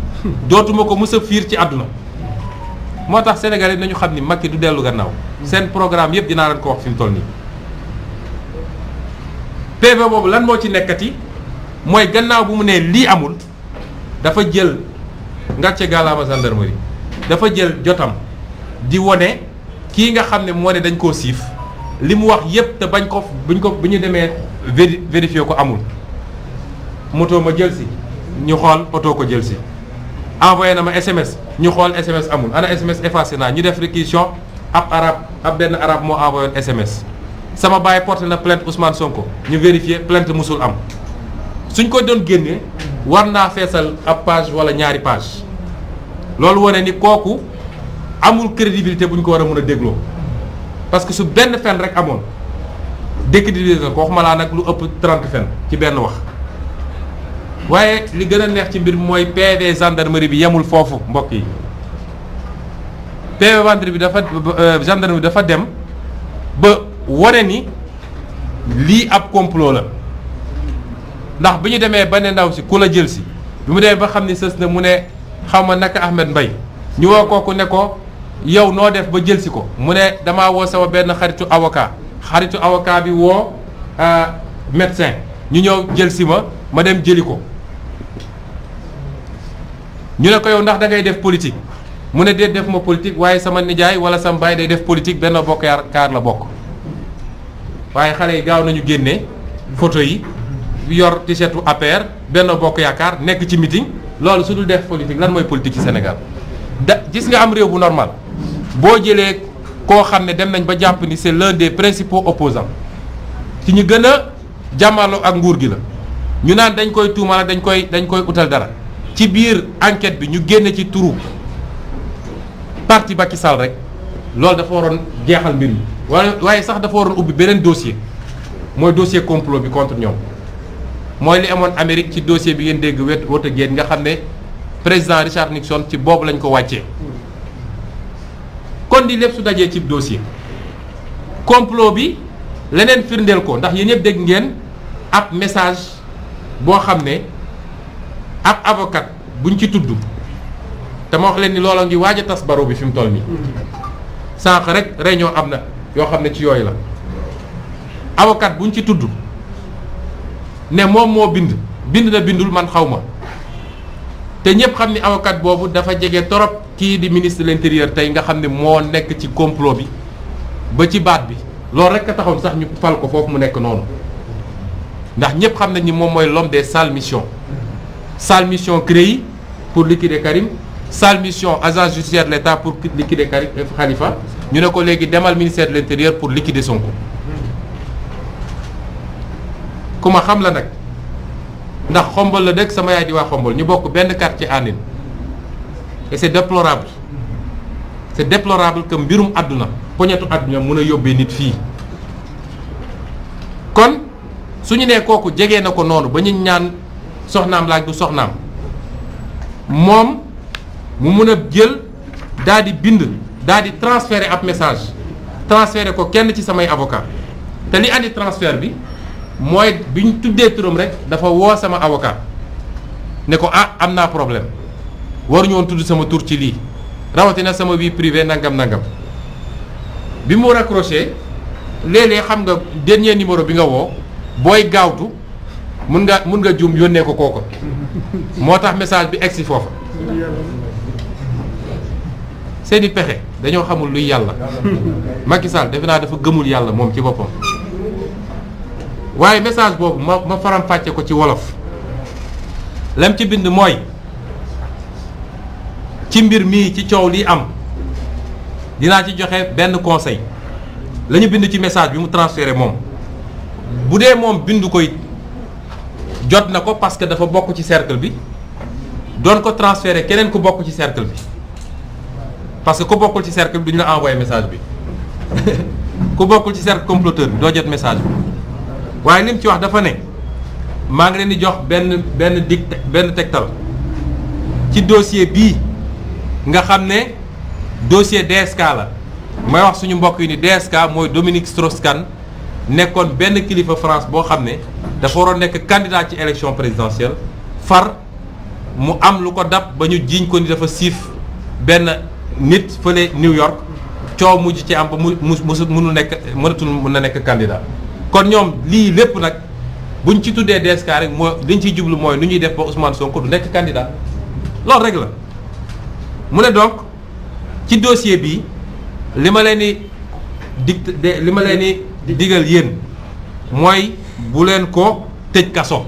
dootuma ko mës a fiir ci àdduna moo tax sénégalais yi nañu xam ni mag yi du dellu gannaaw seen programme yëpp dinaa leen ko wax fi mu toll nii PV boobu lan moo ci nekkati mooy gannaaw bu mu nee lii amul dafa jël ngàcce gaalaama gendarmerie dafa jël jotam di wone kii nga xam ne moo ne dañ koo siif li mu wax yépp te bañ ko buñ ko bu ñu demee vérifier ko amul moto ma jël si ñu xool oto ko jël si envoyé na ma SMS ñu xool SMS amul ana SMS effacé naa ñu def requision ab arabe ab benn arabe moo envoyé SMS sama baay porté na plainte Ousmane ko ñu vérifié plainte musul am suñ ko doon génnee war naa feesal ab page wala ñaari page loolu wane ni kooku amul crédibilité bu ñu ko war a mën a dégloo parce que su benn fen rek amoon décrédibilité ko waxuma laa nag lu ëpp 30 fen ci benn wax. waaye li gën a neex ci mbir mooy PV gendarmerie bi yemul foofu mbokk yi PV vendre bi dafa euh, gendarmerie bi dafa dem ba wane ni lii ab complot la ndax bi ñu demee ba ne ndaw si ku la jël si bi mu demee ba xam ni sës na mu ne xaw ma naka Ahmed Mbaye ñu woo kooku ne ko yow noo def ba jël si ko mu ne dama woo sama benn xaritu avocat xaritu awokaa bi woo euh, médecin ñu ñëw jël si ma ma dem jëli ko ñu ne ko yow ndax da ngay def politique mu ne dee def ma politique waaye sama nijaay wala sama baay day def politique benn bokk yaakaar la bokk waaye xale yi gaaw nañu génne photo yi yor t-shirt benn bokk yaakaar nekk ci meeting loolu su dul def politique lan mooy politique ci senegal da gis nga am réew bu normal boo jëlee koo xam ne dem nañ ba jàpp ni c'est l'un de principaux opposants ci ñu gën a jàmmaloo ak nguur gi la ñu naan dañ koy tuumal dañ koy dañ koy utal dara ci biir enquête bi ñu génne ci turu parti Macky Sall rek loolu dafa waroon jeexal mbir mi waaye sax dafa waroon ubbi beneen dossier mooy dossier complot bi contre ñoom mooy li amoon Amérique ci dossier bi ngeen dégg wet wote génn nga xam ne président Richard Nixon ci boobu lañ ko wàccee kon di lépp su dajee ci dossier complot bi leneen firndeel ko ndax yéen ñëpp dégg ngeen ab message boo xam ne ab avocat buñ ci tudd te ma wax leen ni loola ngi waaj a tas baro bi fi mu toll nii sànq rek réunion am na yoo xam ne ci yooyu la avocat buñ ci tudd ne moom moo bind bind na bindul man xaw ma te ñëpp xam ni avocat boobu dafa jege torop kii di ministre de l'intérieur tey nga xam ne moo nekk ci complot bi ba ci baat bi loolu rek a taxoon sax ñu fal ko foofu mu nekk noonu ndax ñëpp xam nañ ni moom mooy lom des sales missions Sale mission CREI pour liquider Karim sale mission agence judiciaire de l'État pour liquider Karim euh, Khalifa ñu ne ko léegi demal ministère de l'intérieur pour liquider Sonko ku ma xam la nag ndax xombal la dëkk sama yaay di waa xombal ñu bokk benn quartier àndin et c'est déplorable c'est déplorable que mbirum àdduna poñetu àdduna mun a yóbbee nit fii kon su ñu nee kooku jege na ko noonu ba ñu ñaan soxnaam laaj ko soxnaam moom mu mën a jël daal di bind daal di transférer ab message transférer ko kenn ci samay avocat te li andi transfert bi mooy bi ñu tuddee turam rek dafa woo sama avocat ne ko ah am naa problème waruñu woon tudd sama tur ci lii rawatina sama vie privée nangam nangam bi mu raccroché léeg-léeg xam nga dernier numéro bi nga woo booy gaawtu mun nga mun nga jum yónnee ko kooko moo tax message bi egsi foofa seeni pexe dañoo xamul luy yàlla Macky Sall defe naa dafa gëmul yàlla moom ci boppam waaye message boobu ma ma faram ko ci wolof lam ci bind mooy ci mbir mii ci coow li am dinaa ci joxe benn conseil lañu bind ci message bi mu transféré moom bu dee moom bind koy jot na ko parce que dafa bokk ci cercle bi doon ko transféré keneen ku bokk ci cercle bi parce que ku bokkul ci cercle bi duñu la envoyé message bi [LAUGHS] ku bokkul ci cercle comploteur bi doo jot message bi waaye li mu ci wax dafa ne maa ngi leen di jox benn benn dig benn tegtal ci dossier bii nga xam ne dossier DSK la may wax suñu mbokk yi ni DSK mooy Dominique Strauss-Kahn nekkoon benn kilifa France boo xam ne dafa waroon nekk candidat ci élection présidentielle far mu am lu ko dab ba ñu jiiñ ko ni dafa siif benn nit fële New York coow mujj ci am ba mu mu mënu nekk mënatul mën na nekk candidat kon ñoom lii lépp nag buñ ci tuddee DSK rek moo liñ ci jublu mooy nu ñuy def ba Ousmane Sonko du nekk candidat loolu rek la mu ne donc ci dossier bi li ma leen di dict li ma leen di digal yéen mooy bu leen ko tëj kaso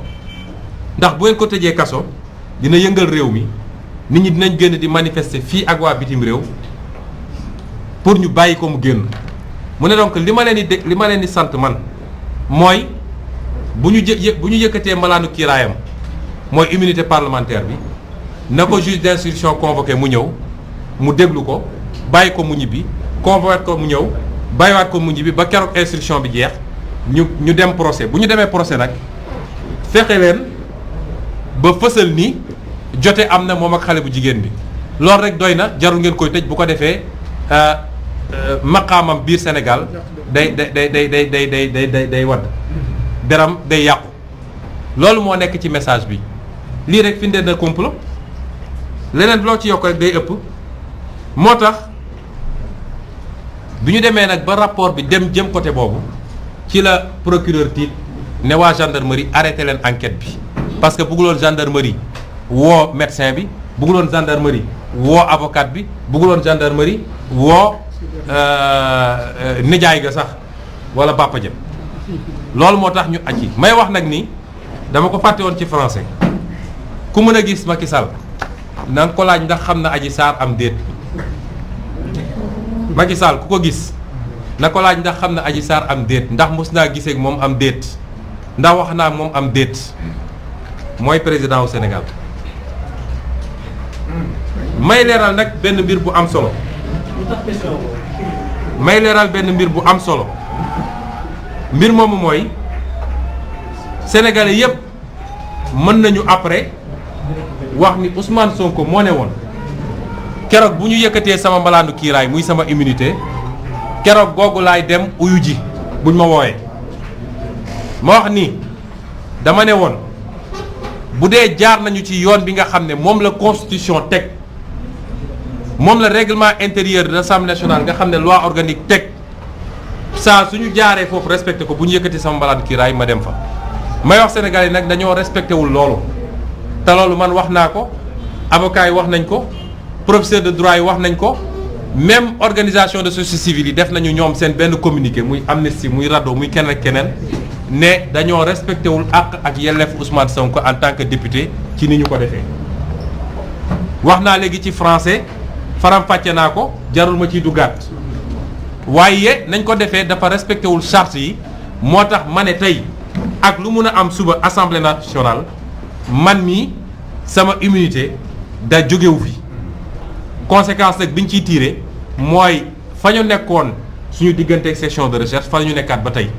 ndax bu ngeen ko tëjee kaso dina yëngal réew mi nit ñi dinañ génn di manifester fii ak waa bitim réew pour ñu bàyyi ko mu génn mu ne donc li ma leen di dé li ma leen di sant man mooy bu ñu jë bu ñu yëkkatee malaanu kiiraayam mooy immunité parlementaire bi na ko juge d'instruction convoqué mu ñëw mu déglu ko bàyyi ko mu ñibbi convoqué ko mu ñëw bàyyiwaat ko mujj bi ba keroog instruction bi jeex ñu ñu dem procès bu ñu demee procès nag fexe leen ba fësal ni jote am na moom ak xale bu jigéen bi loolu rek doy na jarul ngeen koy tëj bu ko defee euh, euh, maqaamam biir Sénégal day day day day day day day day day day wadd deram day yàqu loolu moo nekk ci message bi lii rek fi ndee na complot leneen loo ci yokk day ëpp moo tax bi ñu demee nag ba rapport bi dem jëm côté boobu ci la procureur tiit ne waa gendarmerie arrêté leen enquête bi parce que bëgguloon gendarmerie woo médecin bi bëgguloon gendarmerie woo avocat bi bëgguloon gendarmerie woo euh, euh, nijaay ga sax wala papa jëm loolu moo tax ñu yi may wax nag ni dama ko fàtte woon ci français ku mën a gis Macky Sall na nga ko laaj ndax xam na Adji Sarr am déet. Macky Sall ku ko gis na ko laaj ndax xam na aji Sarr am déet ndax mos naa giseek moom am déet ndax wax naa moom am déet mooy président senegal Sénégal may leeral nag benn mbir bu am solo benn mbir bu am solo mbir moomu mooy sénégalais yépp mën nañu après wax ni Ousmane Sonko moo ne woon keroog bu ñu yëkkatee sama mbalaandu kiiraay muy sama immunité keroog googu laay dem uyu ji buñ ma wooyee ma wax ni dama ne woon bu dee jaar nañu ci yoon bi nga xam ne moom la constitution teg moom la règlement intérieur de l'Assemblée nationale nga xam ne loi organique teg saa suñu jaaree foofu respecté ko bu ñu yëkkatee sama mbalaandu kiiraay ma dem fa may wax Sénégal yi nag dañoo respecté wul loolu te loolu man wax naa ko avocat yi wax nañ ko professeur de droit yi wax nañ ko même organisation de société civile yi def nañu ñoom seen benn communiqué muy Amnesty muy RADDHO muy keneen ak keneen ne dañoo respecté wul àq ak yelleef Ousmane sonk en tant que député ci ni ñu ko defee. wax naa léegi ci français faram naa ko jarul ma ci duggaat waaye nañ ko defee dafa respecté wul charte yi moo tax ma ne tey ak lu mun a am suba assemblée nationale man mi sama immunité da jógewu fi. conséquence nag bi ñu ciy tiire mooy fa ñu nekkoon suñu diggante section de recherche fa ñu nekkaat ba tey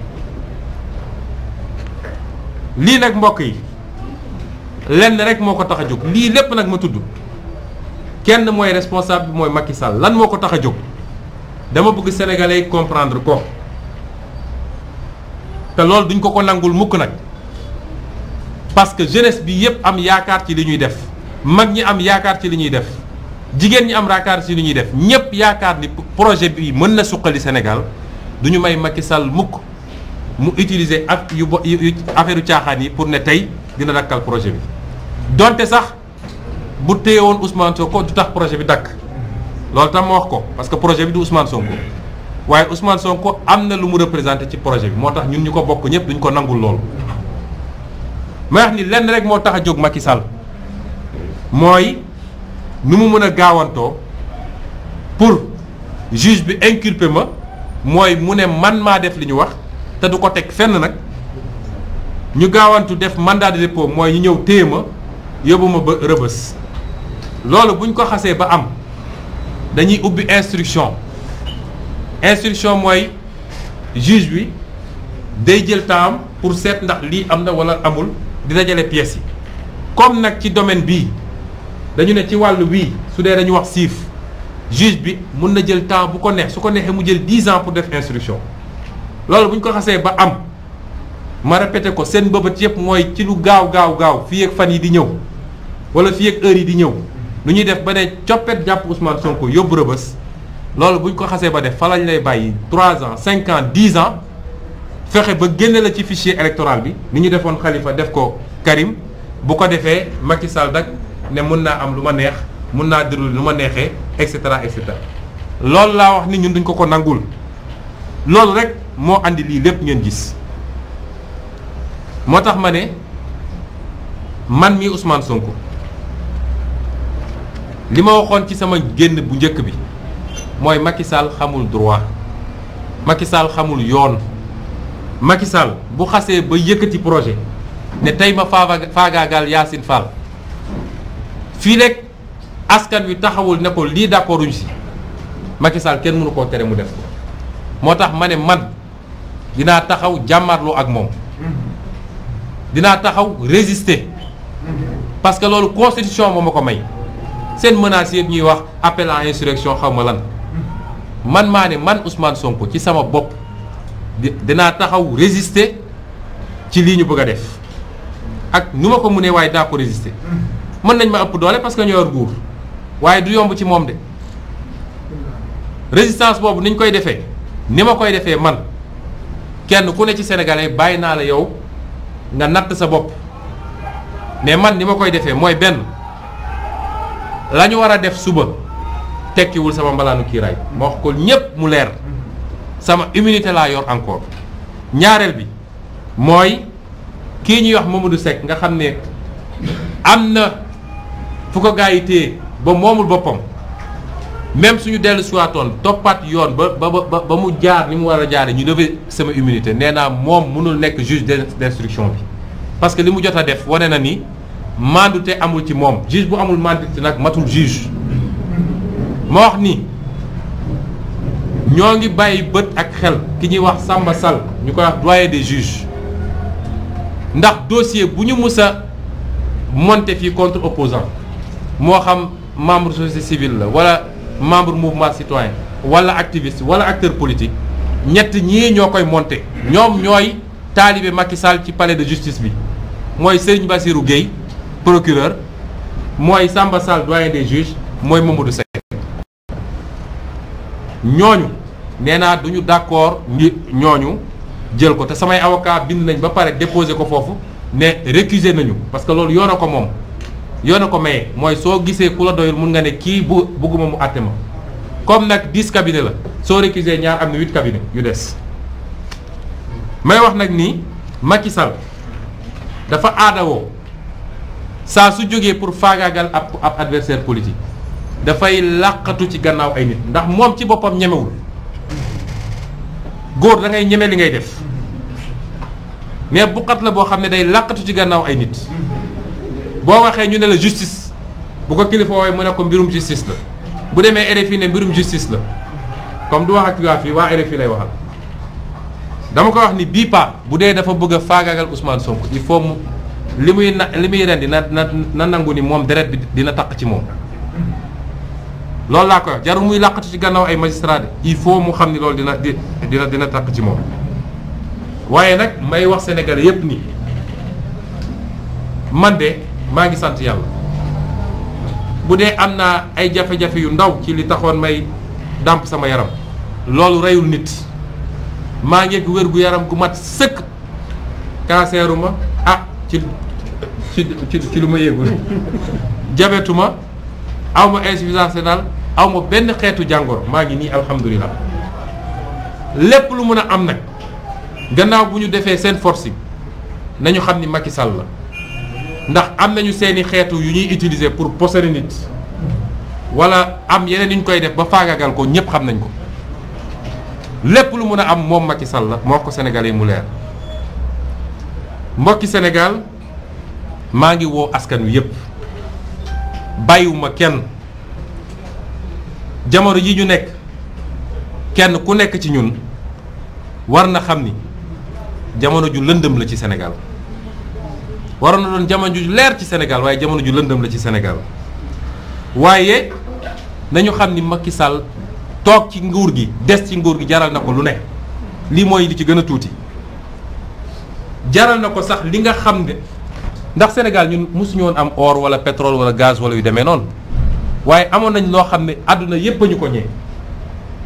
lii nag mbokk yi lenn rek moo ko tax a jóg lii lépp nag ma tudd kenn mooy responsable bi mooy Macky sal lan moo ko tax a jóg dama bëgg sénégalais comprendre ko te loolu duñ ko ko nangul mukk nag parce que jeunesse bi yépp am yaakaar ci li ñuy def mag ñi am yaakaar ci li ñuy def jigéen ñi am raakaar si li ñuy def ñëpp yaakaar ni projet bi mën na suqali senegal du ñu may Macky sal mukk mu utiliser ak yu bo yu caaxaan yi pour ne tey dina dakkal projet bi donte sax bu téye woon Ousmane Sonko du tax projet bi dakk loolu tam ma wax ko parce que projet bi du Ousmane Sonko waaye Ousmane Sonko am na lu mu représenté ci projet bi moo tax ñun ñu ko bokk ñëpp duñ ko nangul loolu may wax ni lenn rek moo tax a jóg Macky sal mooy. nu mu mën a gaawantoo pour juge bi inculper ma mooy mu ne man maa def li ñu wax te du ko teg fenn nag ñu gaawantu def mandat de mooy ñu ñëw téye ma yóbbu ma ba rëbës loolu bu ñu ko xasee ba am dañuy ubbi instruction instruction mooy juge bi day jël temps pour seet ndax lii am na walla amul di dajale pièces yi comme nag ci domaine bii. dañu ne ci wàll wii su dee dañu wax siif juge bi mun na jël temps bu ko neex su ko neexee mu jël 10 ans pour def instruction loolu bu ñu ko xasee ba am ma répété ko seen bëbët yëpp mooy ci lu gaaw gaaw gaaw fii ak fan yi di ñëw wala fii ak heure yi di ñëw nu ñuy def ba ne coppet jàpp Ousmane Sonko yóbbu rëbës loolu buñ ko xasee ba def fa lañ lay bàyyi 3 ans 5 ans 10 fexe ba génne la ci fichier électoral bi ni ñu defoon Khalifa def ko Karim bu ko defee Macky Sall dak ne mën naa am lu ma neex mun naa déroulé lu ma neexee et cetera et loolu laa wax ni ñun dañ ko ko nangul loolu rek moo indi lii lépp ngeen gis moo tax ma ne man mi Ousmane Sonko li ma waxoon ci sama génn bu njëkk bi mooy Macky xamul droit Macky xamul yoon Macky Sall bu xasee ba yëkkati projet ne tey ma faagaagal Yacine Fall. fii rek askan wi taxawul ne ko lii d'accord uñ si Macky Sall kenn mënu koo tere mu def ko moo tax ma ne man dinaa taxaw jàmmarloo ak moom dinaa taxaw résister parce que loolu constitution moo ma ko may seen menaces yëpp ñuy wax appel à insurrection xaw ma lan man maa ne man Ousmane Sonko ci sama bopp dinaa taxaw résister ci lii ñu bëgg a def ak nu ma ko mënee waaye daa ko résister mën nañ ma ëpp doole parce que ñoo yor nguur waaye du yomb ci moom de résistance boobu niñ koy defee ni ma koy defee man kenn ku ne ci sénégalais bàyyi naa la yow nga natt sa bopp mais man ni ma koy defee mooy benn la ñu war a def suba tekkiwul sama mbalaanu kiiraay ma wax ko ñépp mu leer sama immunité laa yor encore ñaareel bi mooy kii ñuy wax Mamadou Seck nga xam ne am na fu ko gaa yi téye ba moomul boppam même suñu dellu siwaatoon toppaat yoon ba ba ba ba mu jaar ni mu war a jaare ñu lever sama immunité nee naa moom mënul nekk juge d'instruction bi parce que li mu jot a def wane na ni mandute amul ci moom juge bu amul mandute nag matul juge ma wax ni ñoo ngi bàyyi bët ak xel ki ñuy wax Samba Sall ñu koy wax doyen des juges ndax dossier bu ñu mus a fii contre opposant moo xam membre société civile la wala membre mouvement citoyen wala activiste wala acteur politique ñett ñii ñoo koy monté ñoom ñooy taalibe Macky Sall ci palais de justice bi mooy Serigne basiru géey procureur mooy Samba Sall doyen des juges mooy Mamadou Seck ñooñu nee naa du ñu d'accord ngi ñooñu jël ko te samay avocat bind nañ ba pare déposé ko foofu ne récusé nañu parce que loolu yoon a ko moom yoon ko maye mooy soo gisee ku la doyul mun nga ne kii bu bëgguma mu àtte ma comme nag dix cabinet la soo récusé ñaar am ni huit cabinet yu des may wax nag ni Macky Sall dafa aadawoo saa su jógee pour faagaagal ab ab adversaire politique dafay làqatu ci gannaaw ay nit ndax moom ci boppam ñemewul góor dangay ngay ñeme li ngay def mais buqat la boo xam ne day làqatu ci gannaaw ay nit boo waxee ñu ne la justice bu ko kilifa woowee mu ne ko mbirum justice la bu demee RFI ne mbirum justice la comme du wax ak waa fii waa RFI lay waxal dama ko wax ni bii pa bu dee dafa bëgg a faagaagal Ousmane Sonko il faut mu li muy na li muy rendi na na na nangu ni moom deret bi dina taq ci moom loolu laa ko wax muy làqatu ci gannaaw ay magistrat il faut mu xam ni loolu dina dina dina taq ci moom waaye nag may wax Sénégalais yépp nii man de. maa ngi sant yàlla bu dee am na ay jafe-jafe yu ndaw ci li taxoon may dàmp sama yaram loolu reyul nit maa ngi wér gu yaram gu mat sëkk kanseeru ma ah ci ci lu ma yëgul [LAUGHS] jabetu ma aw ma insuffisance rénale benn xeetu jàngoro maa ngi nii alhamdulilah lépp lu mën a am nag gannaaw bu ñu defee seen force nañu xam ni Macky Sall la. ndax am nañu seeni xeetu yu ñuy utiliser pour posséder nit wala am yeneen yu ñu koy def ba faagagal ko ñëpp xam nañ ko lépp lu mun a am moom Macky Sall la moo ko senegalee mu leer mbokki Sénégal maa ngi woo askan wi yëpp bàyyiwuma kenn jamono ji ñu nekk kenn ku nekk ci ñun war na xam ni jamono ju lëndëm la ci senegal waroon na doon jamono ju leer ci Sénégal waaye jamono ju lëndëm la ci Sénégal waaye nañu xam ni Macky Sall toog ci nguur gi des ci nguur gi jaral na ko lu ne lii mooy li ci gën a tuuti jaral na ko sax li nga xam ne ndax Sénégal ñun mosuñu woon am or wala pétrole wala gaz wala yu demee noonu waaye amoon nañ loo xam ne àdduna yépp ñu ko ñee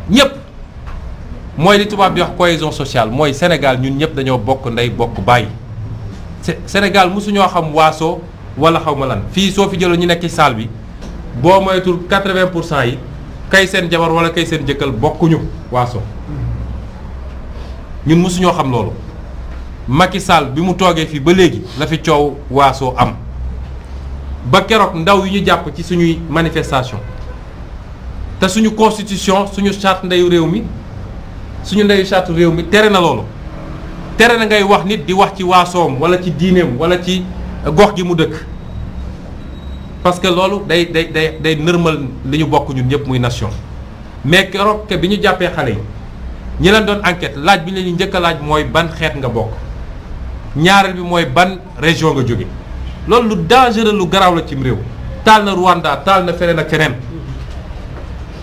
ñépp mooy li tubaab di wax cohésion sociale mooy Sénégal ñun ñëpp dañoo bokk ndey bokk bàyyi Sénégal mosuñoo xam waaso wala xaw ma lan fii soo fi jëloo ñu nekk ci salle bi boo moytul 80 pour cent yi kay seen jabar wala kay seen jëkkal bokkuñu waaso ñun mosuñoo xam loolu Macky Sall bi mu toogee fii ba léegi la fi coow waaso am ba keroog ndaw yi ñu jàpp ci suñuy manifestation te suñu constitution suñu charte ndeyu réew mi suñu ndeyu charte réew mi tere na loolu tere na ngay wax nit di wax ci waasoom wala ci diineem wala ci euh, gox gi mu dëkk parce que loolu day day day day nërmal li ñu bokk ñun ñëpp muy nation mais keroog bi ñu jàppee xale yi ñi leen doon enquête laaj bi ñu leen njëkk a laaj mooy ban xeet nga bokk ñaareel bi mooy ban région nga jóge loolu lu dangereux lu garaaw la cim réew taal na Rwanda taal na feneen ak keneen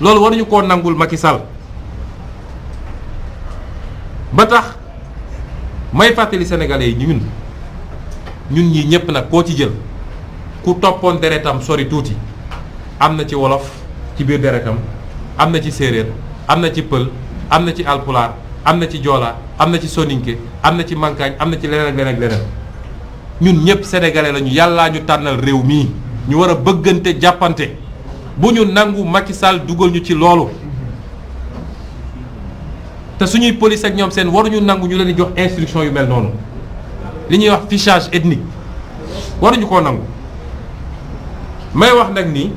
loolu waruñu ko nangul Macky Sall ba tax may fàttali sénégalais yi ñun ñun ñii ñëpp nag koo ci jël ku toppoon deretam sori tuuti am na ci wolof ci biir deretam am na ci séeréer am na ci pël am na ci alpulaar am na ci joolaa am na ci soninke am na ci mankaañ am na ci leneen ak leneen ñun ñëpp sénégalais lañu yàlla ñu tànnal réew mi ñu war a bëggante jàppante bu ñu nangu Macky Sall dugal ñu ci loolu. te suñuy police ak ñoom seen waruñu nangu ñu leen jox instruction yu mel noonu li ñuy wax fichage ethnique waruñu koo nangu may wax nag ni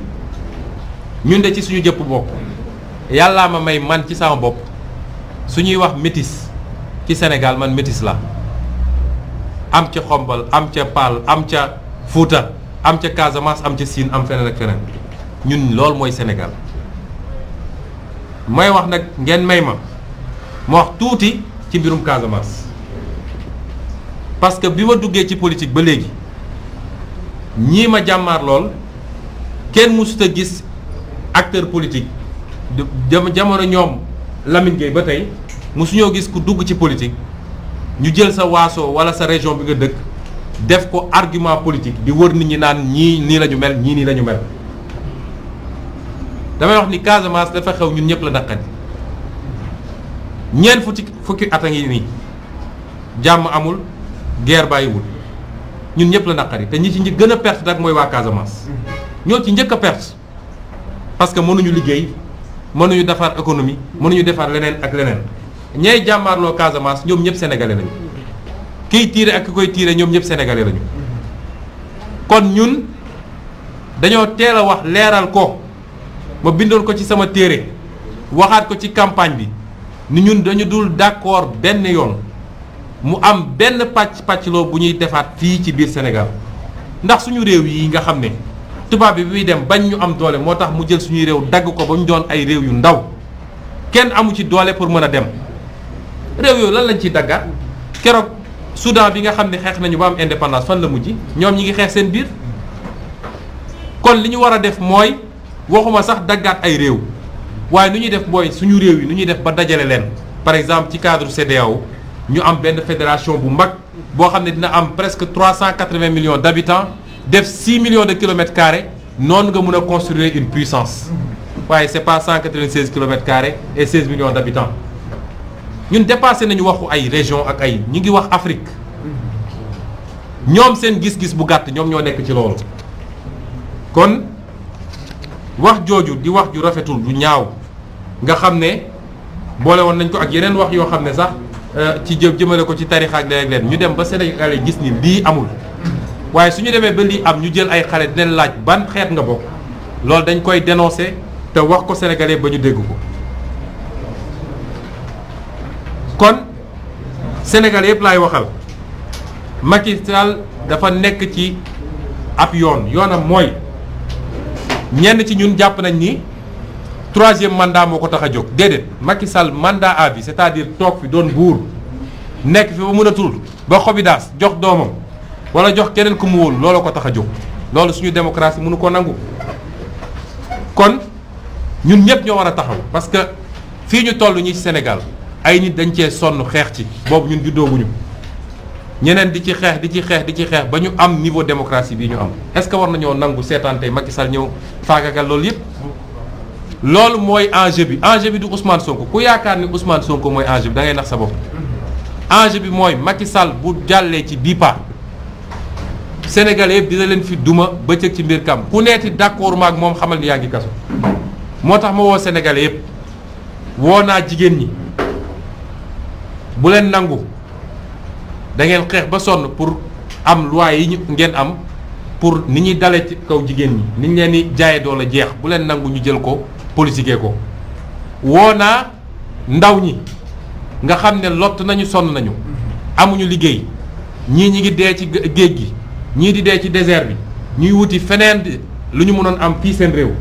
ñun de ci suñu jëpp bopp yàlla ma may man ci sama bopp suñuy wax métis ci Sénégal man métis la am ca xombal am ca pal am ca fuuta am ca Casamance am ca Sine am feneen ak feneen ñun loolu mooy Sénégal may wax nag ngeen may ma ma wax tuuti ci biirum Casamance parce que bi ma duggee ci politique ba léegi ñii ma jàmmaar lool kenn mësut a gis acteur politique jamono ñoom Lamine Gueye ba tey mësuñoo gis ku dugg ci politique ñu jël sa waaso wala sa région bi nga dëkk def ko argument politique di wër nit ñi naan ñii nii la ñu mel ñii nii lañu ñu mel damay wax ni Casamance dafa xew ñun ñëpp la naqari ñeent futi fukki at a ngi nii jàmm amul guerre bàyyiwul ñun ñëpp la naqari te ñi ci gën a perte nag mooy waa Casamance ñoo ci njëkk a perte parce que mënuñu liggéey mënuñu defar économie mënuñu defar leneen ak leneen ñay jàmmaarloo Casamance ñoom ñëpp sénégalais lañu kiy ak koy tiire ñoom ñëpp sénégalais lañu kon ñun dañoo teel a wax leeral ko ma bindoon ko ci sama téere waxaat ko ci campagne bi. ni ñun dañu dul d'accord benn yoon mu am benn pàcc pàccloo bu ñuy defaat fii ci biir Sénégal ndax suñu réew yi nga xam ne tubaab bi buy dem bañ ñu am doole moo tax mu jël suñuy réew dagg ko ba ñu doon ay réew yu ndaw kenn amu ci doole pour mën a dem réew yooyu lan lañ ciy daggaat keroog Soudan bi nga xam ne xeex nañu ba am indépendance fan la mujj ñoom ñi ngi xeex seen biir kon li ñu war a def mooy waxuma sax daggaat ay réew waaye nu ñuy def mooy suñu réew yi nu ñuy def ba dajale leen par exemple ci cadre CEDEAO ñu am benn fédération bu mag boo xam ne dina am presque 380 millions d'habitants def 6 millions de kilomètres carrés noonu nga mën a construire une puissance waaye c'est pas 196 kilomètres carrés et 16 millions d'habitants ñun dépassé nañu waxu ay région ak ay ñu ngi wax Afrique ñoom seen gis-gis bu gàtt ñoom ñoo nekk ci loolu kon wax jooju di wax ju rafetul du ñaaw nga xam ne boole woon nañ ko ak yeneen wax yoo xam ne sax euh, ci jë jëmale ko ci tarixa ak leneen leen ñu dem ba Sénégal yi gis ni lii amul waaye su ñu demee ba lii am ñu jël ay xale dinañ laaj ban xeet nga bokk loolu dañ koy dénoncer te wax ko sénégalais ba ñu dégg ko kon sénégalais yëpp lay waxal Macky Sall dafa nekk ci ab yoon yoonam mooy. ñenn ci ñun jàpp nañ ni troisième mandat moo ko tax a jóg déedéet Macky Sall mandat à vie c'est-à-dire toog fi doon buur nekk fi ba mën a tur ba xobi daas jox doomam wala jox keneen ku mu wóolu ko tax a jóg loolu suñu démocratie mënu ko nangu kon ñun ñëpp ñoo war a taxaw parce que fii ñu toll ñi ci Sénégal ay nit dañ cee sonn xeex ci boobu ñun juddooguñu ñeneen di ci xeex di ci xeex di ci xeex ba ñu am niveau démocratie bi ñu am est-ce que war nañoo nangu seetaan tey Macky Sall ñëw faagagal loolu yëpp. loolu mooy enjeu bi enjeu bi du usmaan Sonko ku yaakaar ni Ousmane Sonko mooy enjeu bi da ngay nax sa bopp enjeu bi mooy Macky Sall bu jàllee ci bii pa Sénégalais yëpp dina leen fi duma bëccëg ci mbir kam ku neeti d'accord ak moom xamal ni yaa ngi kaso moo tax ma woo Sénégalais yëpp woo naa jigéen ñi bu leen nangu. da ngeen xeex ba sonn pour am loi yi ñu ngeen am pour ni ñuy dale ci kaw jigéen ñi ni ñu leen di jaaye doole jeex bu leen nangu ñu jël ko politiquer ko woo naa ndaw ñi nga xam ne lott nañu sonn nañu amuñu liggéey ñii ñi ngi dee ci géej gi ñii di dee ci désert bi ñuy wuti feneen lu ñu mënoon am fii seen réew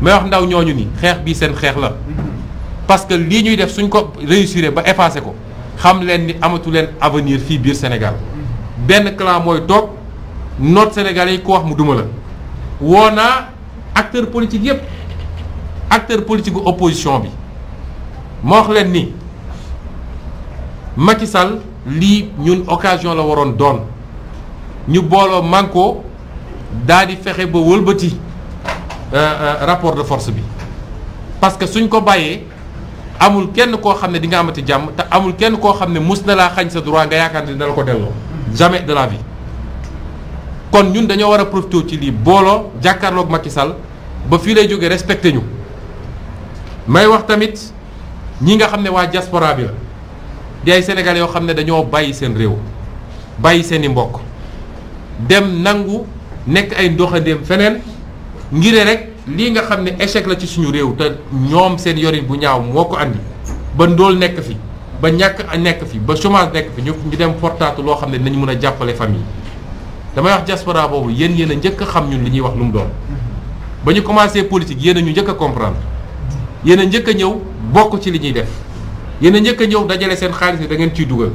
may wax ndaw ñooñu ni xeex bii seen xeex la parce que lii ñuy def suñ ko réussir ba effacé ko xam leen ni amatu leen avenir fii biir Sénégal benn clan mooy toog noot Sénégalais yi ko wax mu duma la woo naa acteur politique yépp acteur politique gu opposition bi ma wax leen ni Macky Sall lii ñun occasion la waroon doon ñu booloo manko dal di fexe ba wëlbati euh, euh, rapport de force bi parce que suñ ko bàyyee amul kenn koo xam ne di amati jàmm te amul kenn koo xam ne mos na laa xañ sa droit nga yaakaar ne dina la ko delloo jamais de la vie kon ñun dañoo war a profité ci lii booloo jàkkaarloog Macky Sall ba fii lay jóge respecté ñu may wax tamit ñi nga xam ne waa diaspora bi la di ay sénégalais yoo xam ne dañoo bàyyi seen réew bàyyi seen i mbokk dem nangu nekk ay ndoxandeem feneen ngire rek lii nga xam ne échec la ci suñu réew te ñoom seen yorin bu ñaaw moo ko indi ba ndóol nekk fi ba ñàkk nekk fi ba chômage nekk fi ñu dem fortaatu loo xam ne nañ mën a jàppale famille damay wax diaspora boobu yéen yéen a njëkk xam ñun li ñuy wax lu mu doon ba ñu commencé politique yéen a ñu njëkk a comprendre yéen njëkk a ñëw bokk ci li ñuy def yéen a njëkk a ñëw dajale seen xaalis yi da ngeen ciy dugal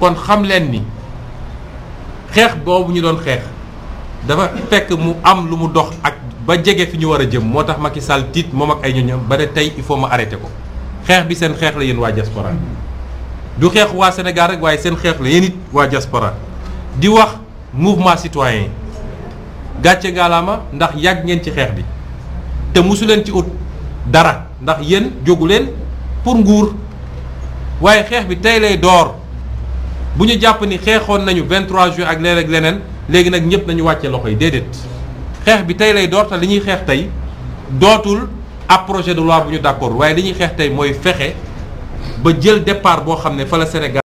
kon xam leen ni xeex boobu ñu doon xeex dafa fekk mu am lu mu dox ba jege fi ñu war a jëm moo tax Macky Sall tiit moom ak ay ñoñam ba ne tey il faut ma arrêté ko xeex bi seen xeex la yéen waa diaspora du xeexu waa Sénégal rek waaye seen xeex la yéen it waa diaspora di wax mouvement citoyen gàcce ngaalaama ndax yàgg ngeen ci xeex bi te mosu leen ci ut dara ndax yéen jógu leen pour nguur waaye xeex bi tey lay door bu ñu jàpp ni xeexoon nañu 23 juin ak leneen ak leneen léegi nag ñëpp nañu wàccee loxo yi déedéet. xeex bi tey lay door te li ñuy xeex tey dootul ab projet de loi bu ñu d'accord waaye li ñuy xeex tey mooy fexe ba jël départ boo xam ne fa la Sénégal.